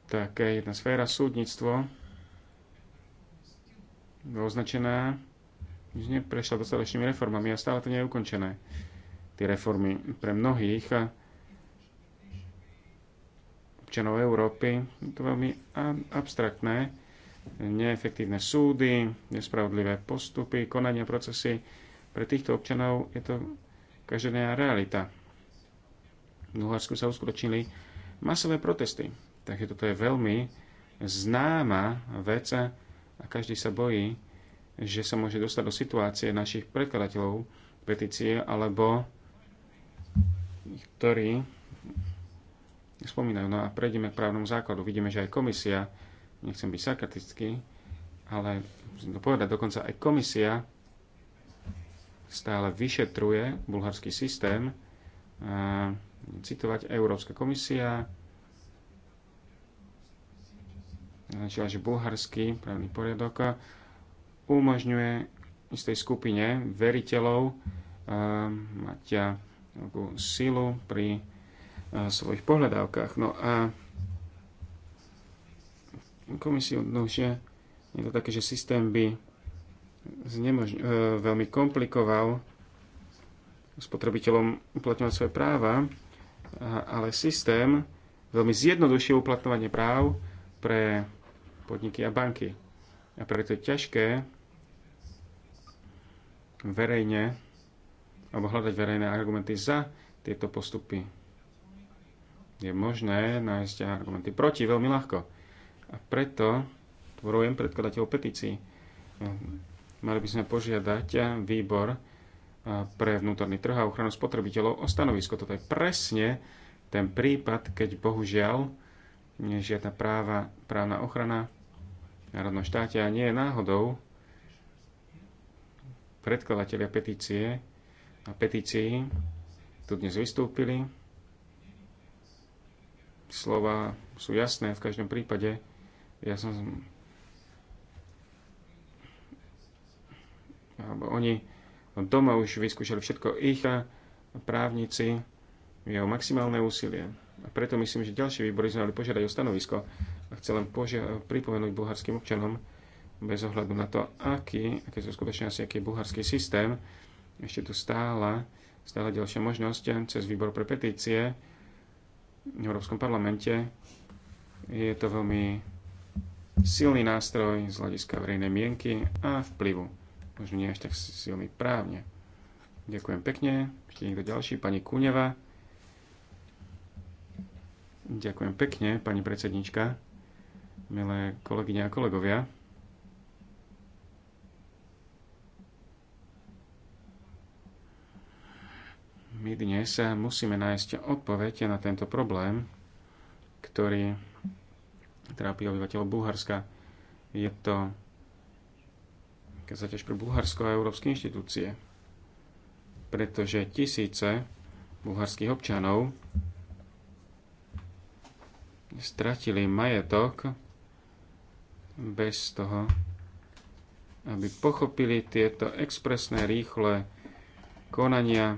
tak jedna sféra súdnictvo označená, že neprešla dostatočnými reformami a stále to nie je ukončené. Tie reformy pre mnohých občanov Európy. Je to veľmi abstraktné, neefektívne súdy, nespravodlivé postupy, konania, procesy. Pre týchto občanov je to každodenná realita. V Bulharsku sa uskutočnili masové protesty. Takže toto je veľmi známa vec a každý sa bojí, že sa môže dostať do situácie našich predkladateľov petície alebo ktorí spomínajú. No a prejdeme k právnom základu. Vidíme, že aj komisia, nechcem byť sarkastický, ale musím to povedať, dokonca aj komisia stále vyšetruje bulharský systém. A, citovať Európska komisia značila, že bulharský právny poriadok umožňuje istej skupine veriteľov mať silu pri svojich pohľadávkach. No a komisiu že je to také, že systém by e, veľmi komplikoval spotrebiteľom uplatňovať svoje práva, ale systém veľmi zjednodušuje uplatňovanie práv pre podniky a banky. A preto je ťažké verejne alebo hľadať verejné argumenty za tieto postupy je možné nájsť argumenty proti veľmi ľahko. A preto tvorujem predkladateľov petícií. Mali by sme požiadať výbor pre vnútorný trh a ochranu spotrebiteľov o stanovisko. Toto je presne ten prípad, keď bohužiaľ nie je žiadna práva, právna ochrana v národnom štáte a nie je náhodou predkladateľia petície a petícií tu dnes vystúpili slova sú jasné v každom prípade. Ja som... Alebo oni doma už vyskúšali všetko ich a právnici jeho maximálne úsilie. A preto myslím, že ďalšie výbory sme mali požiadať o stanovisko. A chcem len požia- pripomenúť bulharským občanom, bez ohľadu na to, aký, aké sú asi, aký je bulharský systém, ešte tu stála, stála ďalšia možnosť eh, cez výbor pre petície, Európskom parlamente. Je to veľmi silný nástroj z hľadiska verejnej mienky a vplyvu. Možno nie až tak silný právne. Ďakujem pekne. Ešte niekto ďalší? Pani Kúneva. Ďakujem pekne, pani predsednička, milé kolegyne a kolegovia. My dnes musíme nájsť odpoveď na tento problém, ktorý trápi obyvateľov Bulharska. Je to keď sa tiež pre Bulharsko a európske inštitúcie, pretože tisíce bulharských občanov stratili majetok bez toho, aby pochopili tieto expresné, rýchle konania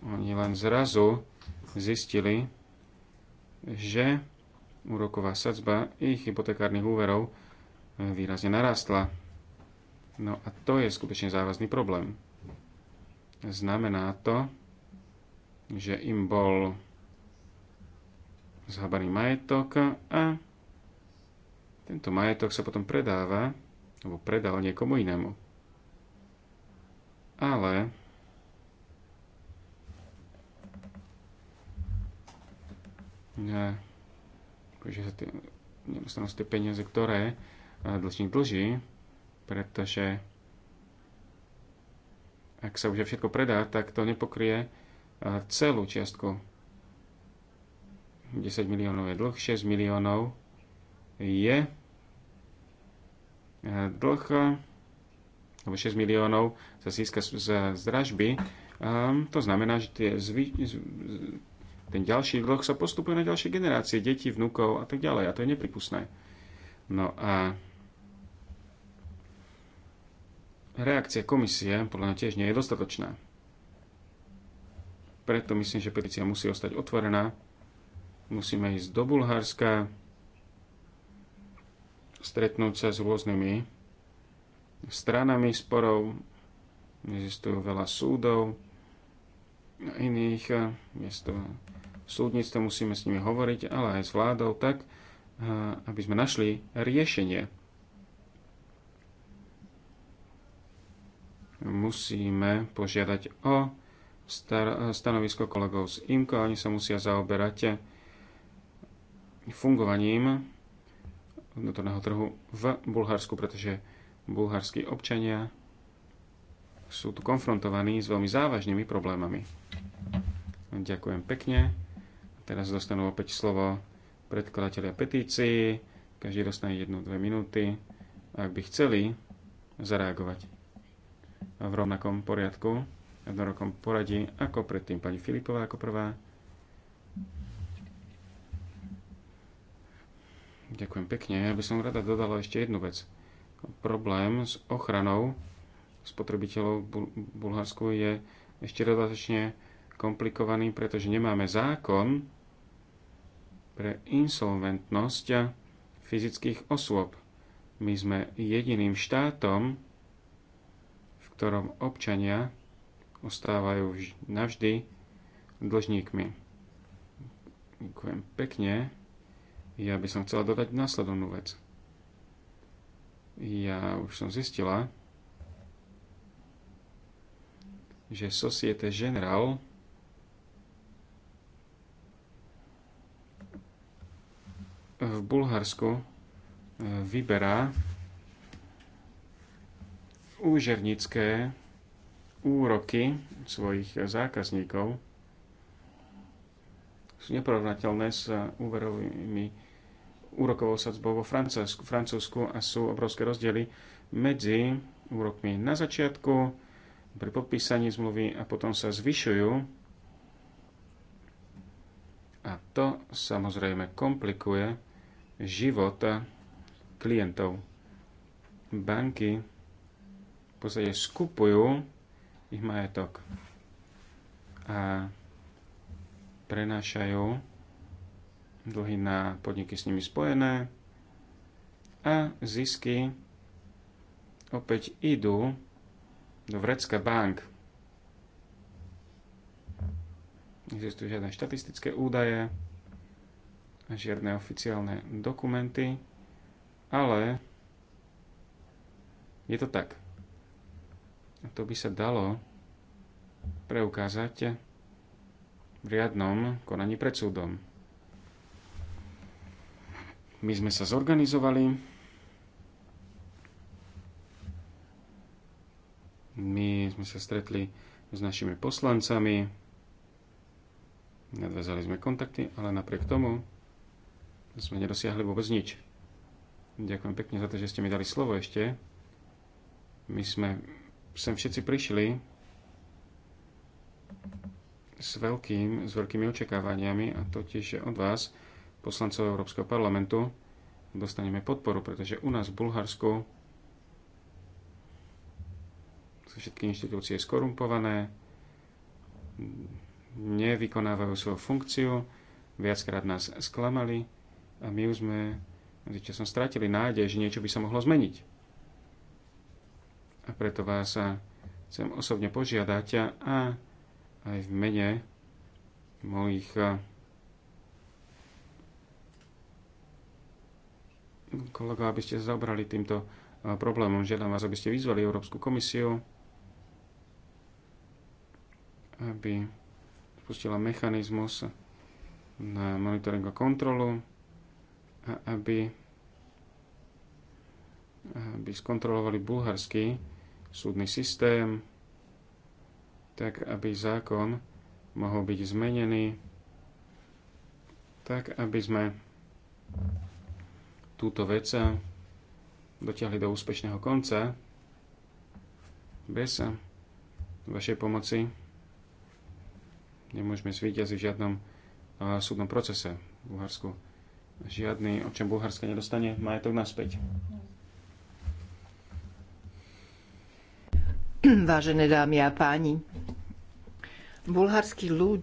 oni len zrazu zistili, že úroková sadzba ich hypotekárnych úverov e, výrazne narastla. No a to je skutočne závazný problém. Znamená to, že im bol zhabaný majetok a tento majetok sa potom predáva, alebo predal niekomu inému. Ale ne, že sa tie, nedostanú tie peniaze, ktoré eh, dlžník dlží, pretože ak sa už všetko predá, tak to nepokrie eh, celú čiastku. 10 miliónov je dlh, 6 miliónov je eh, dlh, alebo 6 miliónov sa získa z, z dražby. Um, to znamená, že tie zvy, z, z, ten ďalší dlh sa postupuje na ďalšie generácie, detí, vnúkov a tak ďalej. A to je nepripustné. No a reakcia komisie podľa mňa tiež nie je dostatočná. Preto myslím, že petícia musí ostať otvorená. Musíme ísť do Bulharska, stretnúť sa s rôznymi stranami sporov. Existujú veľa súdov, iných miesto, súdnictve, musíme s nimi hovoriť, ale aj s vládou, tak, eh, aby sme našli riešenie. Musíme požiadať o stanovisko kolegov z IMCO, oni sa musia zaoberať fungovaním vnútorného trhu v Bulharsku, pretože bulharskí občania sú tu konfrontovaní s veľmi závažnými problémami. Ďakujem pekne. Teraz dostanú opäť slovo predkladatelia petícií. Každý dostane jednu, dve minúty, ak by chceli zareagovať v rovnakom poriadku, v rovnakom poradí ako predtým pani Filipová ako prvá. Ďakujem pekne. Ja by som rada dodala ešte jednu vec. Problém s ochranou spotrebiteľov v Bulharsku je ešte dodatočne komplikovaný, pretože nemáme zákon pre insolventnosť fyzických osôb. My sme jediným štátom, v ktorom občania ostávajú navždy dlžníkmi. Ďakujem pekne. Ja by som chcela dodať následovnú vec. Ja už som zistila, že Societe Generale v Bulharsku e, vyberá úžernické úroky svojich zákazníkov sú neporovnateľné s úverovými úrokovou sadzbou vo Francúzsku, Francúzsku a sú obrovské rozdiely medzi úrokmi na začiatku, pri podpísaní zmluvy a potom sa zvyšujú. A to samozrejme komplikuje života klientov. Banky v podstate skupujú ich majetok a prenášajú dlhy na podniky s nimi spojené a zisky opäť idú do vrecka bank. Existujú žiadne štatistické údaje, žiadne oficiálne dokumenty, ale je to tak. To by sa dalo preukázať v riadnom konaní pred súdom. My sme sa zorganizovali, my sme sa stretli s našimi poslancami, nadvezali sme kontakty, ale napriek tomu sme nedosiahli vôbec nič. Ďakujem pekne za to, že ste mi dali slovo ešte. My sme sem všetci prišli s, veľkým, s veľkými očakávaniami a totiž od vás, poslancov Európskeho parlamentu, dostaneme podporu, pretože u nás v Bulharsku sú všetky inštitúcie skorumpované, nevykonávajú svoju funkciu, viackrát nás sklamali, a my už sme som stratili nádej, že niečo by sa mohlo zmeniť. A preto vás chcem osobne požiadať a aj v mene mojich kolegov, aby ste zaobrali týmto problémom. Žiadam vás, aby ste vyzvali Európsku komisiu, aby spustila mechanizmus na monitoring a kontrolu aby, aby skontrolovali bulharský súdny systém, tak aby zákon mohol byť zmenený, tak aby sme túto vec dotiahli do úspešného konca bez vašej pomoci nemôžeme zvýťaziť v žiadnom eh, súdnom procese v Bulharsku žiadny občan Bulharska nedostane majetok naspäť. Vážené dámy a páni, bulharský ľud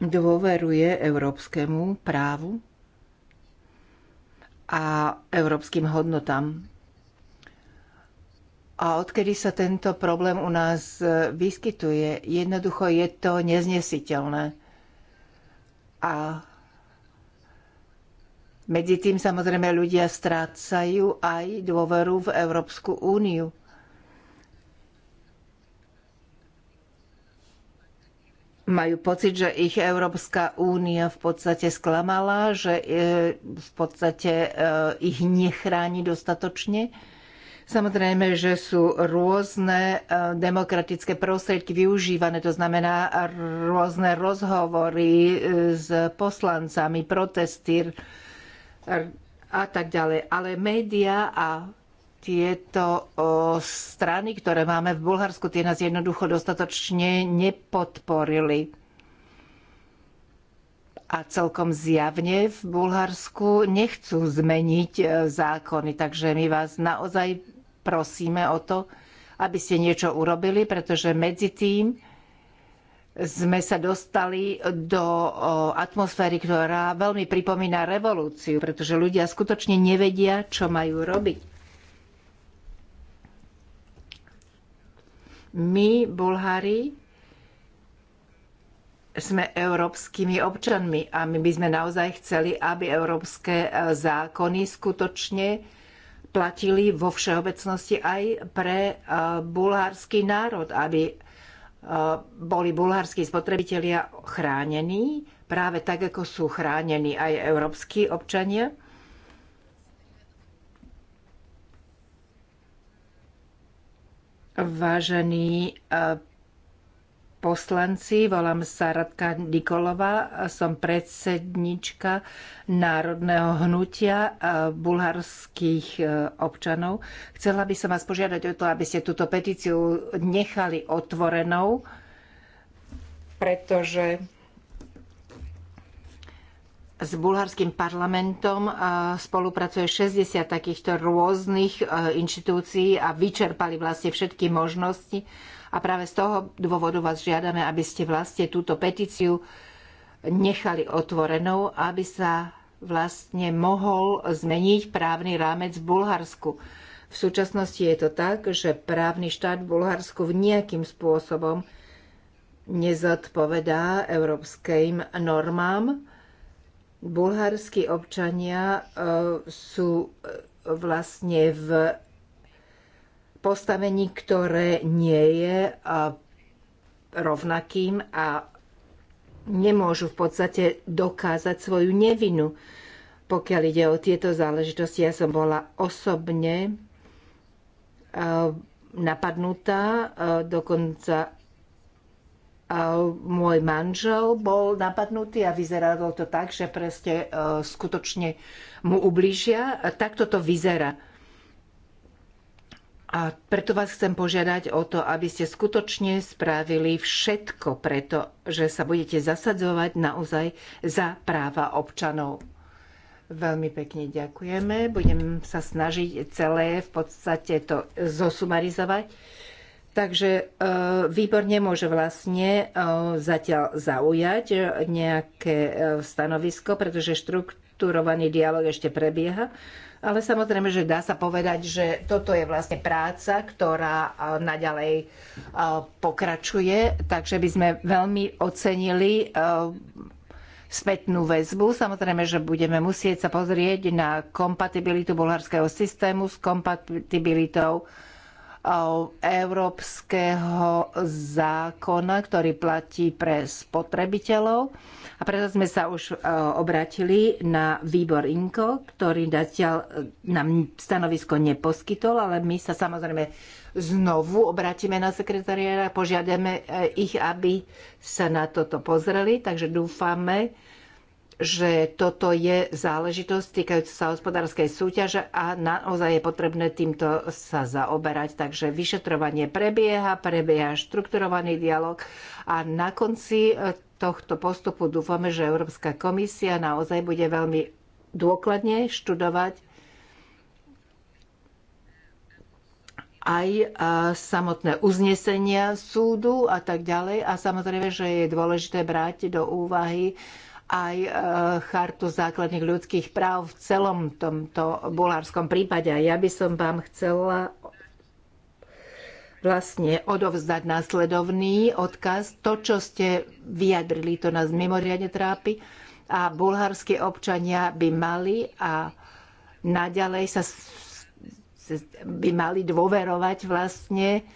dôveruje európskemu právu a európskym hodnotám. A odkedy sa tento problém u nás e, vyskytuje, jednoducho je to neznesiteľné. A medzi tým samozrejme ľudia strácajú aj dôveru v Európsku úniu. Majú pocit, že ich Európska únia v podstate sklamala, že e, v podstate e, ich nechráni dostatočne Samozrejme, že sú rôzne e, demokratické prostriedky využívané, to znamená rôzne rozhovory e, s poslancami, protesty a tak ďalej. Ale média a tieto strany, ktoré máme v Bulharsku, tie nás jednoducho dostatočne nepodporili a celkom zjavne v Bulharsku nechcú zmeniť e, zákony. Takže my vás naozaj prosíme o to, aby ste niečo urobili, pretože medzi tým sme sa dostali do atmosféry, ktorá veľmi pripomína revolúciu, pretože ľudia skutočne nevedia, čo majú robiť. My, Bulhári, sme európskymi občanmi a my by sme naozaj chceli, aby európske e, zákony skutočne platili vo všeobecnosti aj pre e, bulharský národ, aby e, boli bulharskí spotrebitelia chránení, práve tak, ako sú chránení aj európsky občania. Vážený poslanci. Volám sa Radka Nikolová, som predsednička Národného hnutia e, bulharských e, občanov. Chcela by som vás požiadať o to, aby ste túto petíciu nechali otvorenou, pretože s bulharským parlamentom e, spolupracuje 60 takýchto rôznych inštitúcií a vyčerpali vlastne všetky možnosti a práve z toho dôvodu vás žiadame, aby ste vlastne túto petíciu nechali otvorenou, aby sa vlastne mohol zmeniť právny rámec v Bulharsku. V súčasnosti je to tak, že právny štát v Bulharsku v nejakým spôsobom nezodpovedá európskym normám. Bulharskí občania e, sú e, vlastne v postavení, ktoré nie je rovnakým a nemôžu v podstate dokázať svoju nevinu. Pokiaľ ide o tieto záležitosti, ja som bola osobne napadnutá, dokonca môj manžel bol napadnutý a vyzeralo to tak, že proste skutočne mu ublížia. Takto to vyzerá a preto vás chcem požiadať o to, aby ste skutočne spravili všetko preto, že sa budete zasadzovať naozaj za práva občanov. Veľmi pekne ďakujeme. Budem sa snažiť celé v podstate to zosumarizovať. Takže e, výborne môže vlastne e, zatiaľ zaujať nejaké e, stanovisko, pretože štruktúrovaný dialog ešte prebieha. Ale samozrejme, že dá sa povedať, že toto je vlastne práca, ktorá naďalej pokračuje, takže by sme veľmi ocenili spätnú väzbu. Samozrejme, že budeme musieť sa pozrieť na kompatibilitu bulharského systému s kompatibilitou Eh, európskeho zákona, ktorý platí pre spotrebiteľov. A preto sme sa už eh, obratili na výbor INKO, ktorý zatiaľ eh, nám stanovisko neposkytol, ale my sa samozrejme znovu obratíme na sekretariára a požiadame ich, aby sa na toto pozreli. Takže dúfame, že toto je záležitosť týkajúca sa hospodárskej súťaže a naozaj je potrebné týmto sa zaoberať. Takže vyšetrovanie prebieha, prebieha štrukturovaný dialog a na konci e, tohto postupu dúfame, že Európska komisia naozaj bude veľmi dôkladne študovať aj e, samotné uznesenia súdu a tak ďalej. A samozrejme, že je dôležité brať do úvahy aj e, chartu základných ľudských práv v celom tomto bulárskom prípade. Ja by som vám chcela vlastne odovzdať následovný odkaz. To, čo ste vyjadrili, to nás mimoriadne trápi a bulharskí občania by mali a naďalej sa by mali dôverovať vlastne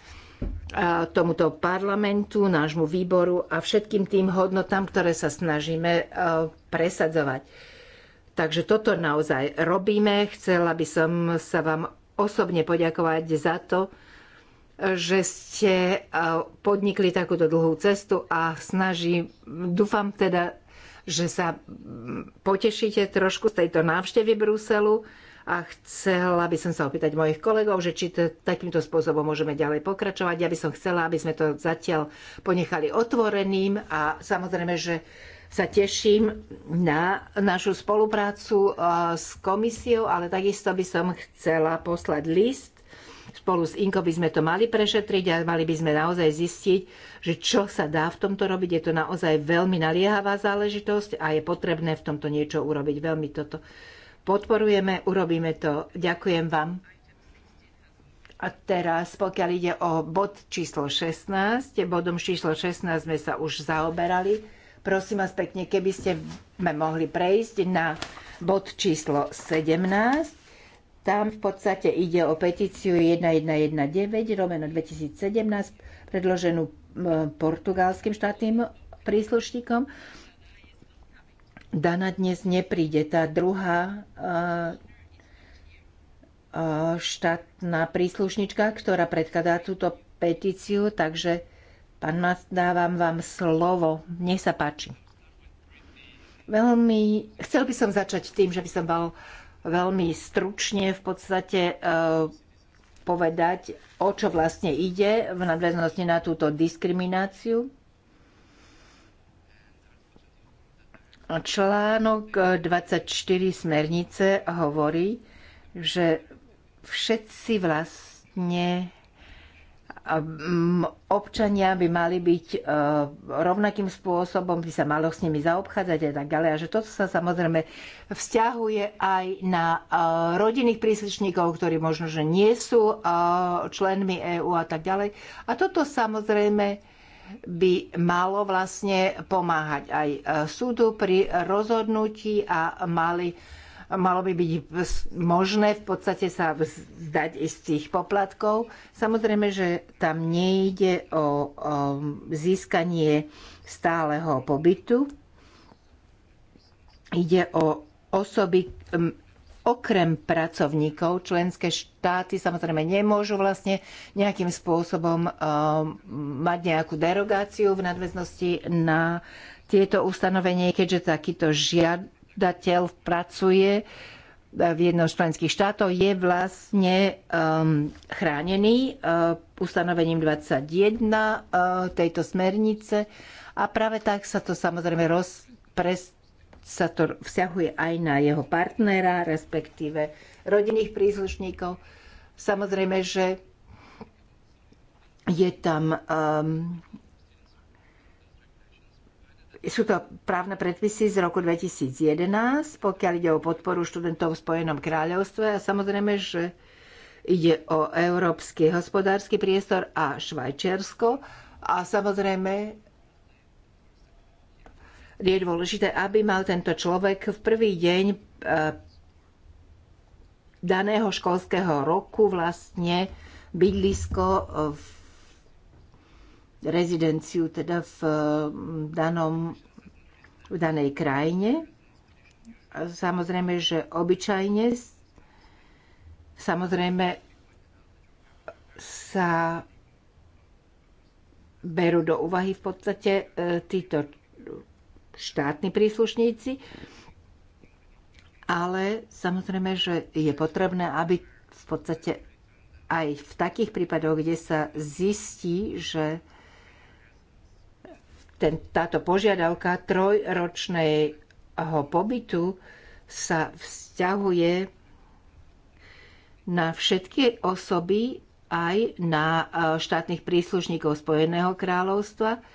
tomuto parlamentu, nášmu výboru a všetkým tým hodnotám, ktoré sa snažíme e, presadzovať. Takže toto naozaj robíme. Chcela by som sa vám osobne poďakovať za to, že ste e, podnikli takúto dlhú cestu a snaží, dúfam teda, že sa potešíte trošku z tejto návštevy Bruselu a chcela by som sa opýtať mojich kolegov, že či takýmto spôsobom môžeme ďalej pokračovať. Ja by som chcela, aby sme to zatiaľ ponechali otvoreným a samozrejme, že sa teším na našu spoluprácu e, s komisiou, ale takisto by som chcela poslať list spolu s Inko by sme to mali prešetriť a mali by sme naozaj zistiť, že čo sa dá v tomto robiť. Je to naozaj veľmi naliehavá záležitosť a je potrebné v tomto niečo urobiť. Veľmi toto podporujeme, urobíme to. Ďakujem vám. A teraz, pokiaľ ide o bod číslo 16, bodom číslo 16 sme sa už zaoberali. Prosím vás pekne, keby ste mohli prejsť na bod číslo 17. Tam v podstate ide o petíciu 1119 romeno 2017 predloženú e, portugalským štátnym príslušníkom. Dana dnes nepríde. Tá druhá eh, eh, štátna príslušnička, ktorá predkladá túto petíciu, takže pán Mas, dávam vám slovo. Nech sa páči. Veľmi, chcel by som začať tým, že by som mal veľmi stručne v podstate eh, povedať, o čo vlastne ide v nadväznosti na túto diskrimináciu Článok 24 e, smernice hovorí, že všetci vlastne občania by mali byť e, rovnakým spôsobom, by sa malo s nimi zaobchádzať a tak ďalej. A že toto sa samozrejme vzťahuje aj na e, rodinných príslušníkov, ktorí možno, že nie sú členmi EÚ a tak ďalej. A toto samozrejme by malo vlastne pomáhať aj e, súdu pri rozhodnutí a mali, malo by byť možné v podstate sa vzdať istých poplatkov. Samozrejme, že tam nejde o, o získanie stáleho pobytu. Ide o osoby, okrem pracovníkov členské štáty samozrejme nemôžu vlastne nejakým spôsobom eh, mať nejakú derogáciu v nadväznosti na tieto ustanovenie, keďže takýto žiadateľ pracuje eh, v jednom z členských štátov, je vlastne ehm, chránený eh, ustanovením 21 tejto smernice a práve tak sa to samozrejme roz, sa to vzťahuje aj na jeho partnera, respektíve rodinných príslušníkov. Samozrejme, že je tam um, sú to právne predpisy z roku 2011, pokiaľ ide o podporu študentov v Spojenom kráľovstve a samozrejme, že ide o európsky hospodársky priestor a Švajčiarsko. A samozrejme, je dôležité, aby mal tento človek v prvý deň e, daného školského roku vlastne bydlisko v rezidenciu, teda v, danom, v danej krajine. Samozrejme, že obyčajne samozrejme sa berú do úvahy v podstate e, títo štátni príslušníci, ale samozrejme, že je potrebné, aby v podstate aj v takých prípadoch, kde sa zistí, že ten, táto požiadavka trojročného pobytu sa vzťahuje na všetky osoby, aj na e, štátnych príslušníkov Spojeného kráľovstva,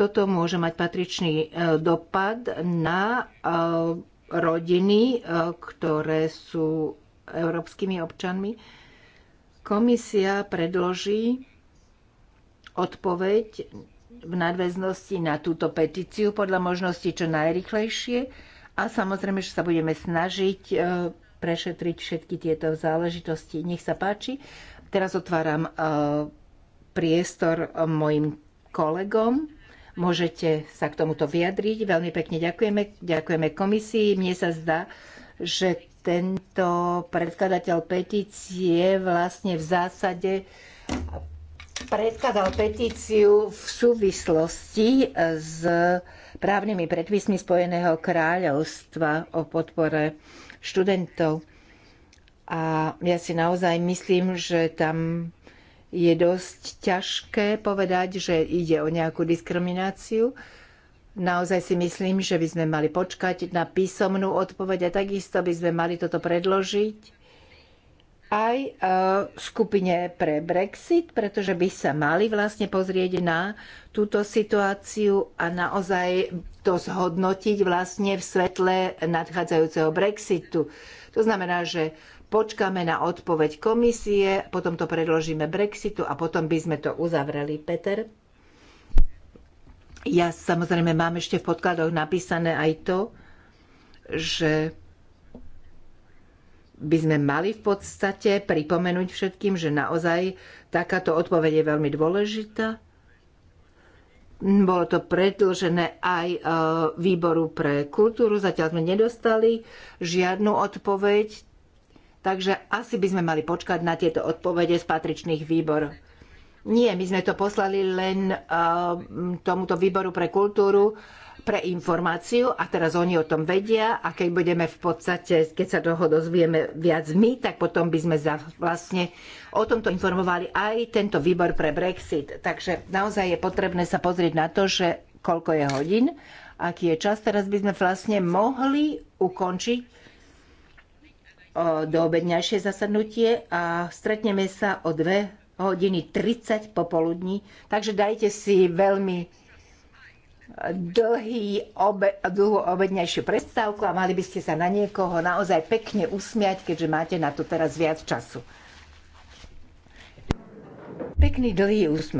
toto môže mať patričný e, dopad na e, rodiny, e, ktoré sú európskymi občanmi. Komisia predloží odpoveď v nadväznosti na túto petíciu podľa možnosti čo najrychlejšie a samozrejme, že sa budeme snažiť prešetriť všetky tieto záležitosti. Nech sa páči. Teraz otváram priestor mojim kolegom môžete sa k tomuto vyjadriť. Veľmi pekne ďakujeme. Ďakujeme komisii. Mne sa zdá, že tento predkladateľ petície vlastne v zásade predkladal petíciu v súvislosti s právnymi predpismi Spojeného kráľovstva o podpore študentov. A ja si naozaj myslím, že tam je dosť ťažké povedať, že ide o nejakú diskrimináciu. Naozaj si myslím, že by sme mali počkať na písomnú odpoveď a takisto by sme mali toto predložiť aj e, skupine pre Brexit, pretože by sa mali vlastne pozrieť na túto situáciu a naozaj to zhodnotiť vlastne v svetle nadchádzajúceho Brexitu. To znamená, že počkáme na odpoveď komisie, potom to predložíme Brexitu a potom by sme to uzavreli, Peter. Ja samozrejme mám ešte v podkladoch napísané aj to, že by sme mali v podstate pripomenúť všetkým, že naozaj takáto odpoveď je veľmi dôležitá. Bolo to predlžené aj e, výboru pre kultúru, zatiaľ sme nedostali žiadnu odpoveď, Takže asi by sme mali počkať na tieto odpovede z patričných výbor. Nie, my sme to poslali len uh, tomuto výboru pre kultúru, pre informáciu a teraz oni o tom vedia a keď budeme v podstate, keď sa toho dozvieme viac my, tak potom by sme za, vlastne o tomto informovali aj tento výbor pre Brexit. Takže naozaj je potrebné sa pozrieť na to, že koľko je hodín, aký je čas. Teraz by sme vlastne mohli ukončiť obedňajšie zasadnutie a stretneme sa o 2 hodiny 30 popoludní. Takže dajte si veľmi dlhý obe, dlhú obednejšiu predstavku a mali by ste sa na niekoho naozaj pekne usmiať, keďže máte na to teraz viac času. Pekný dlhý úsmev.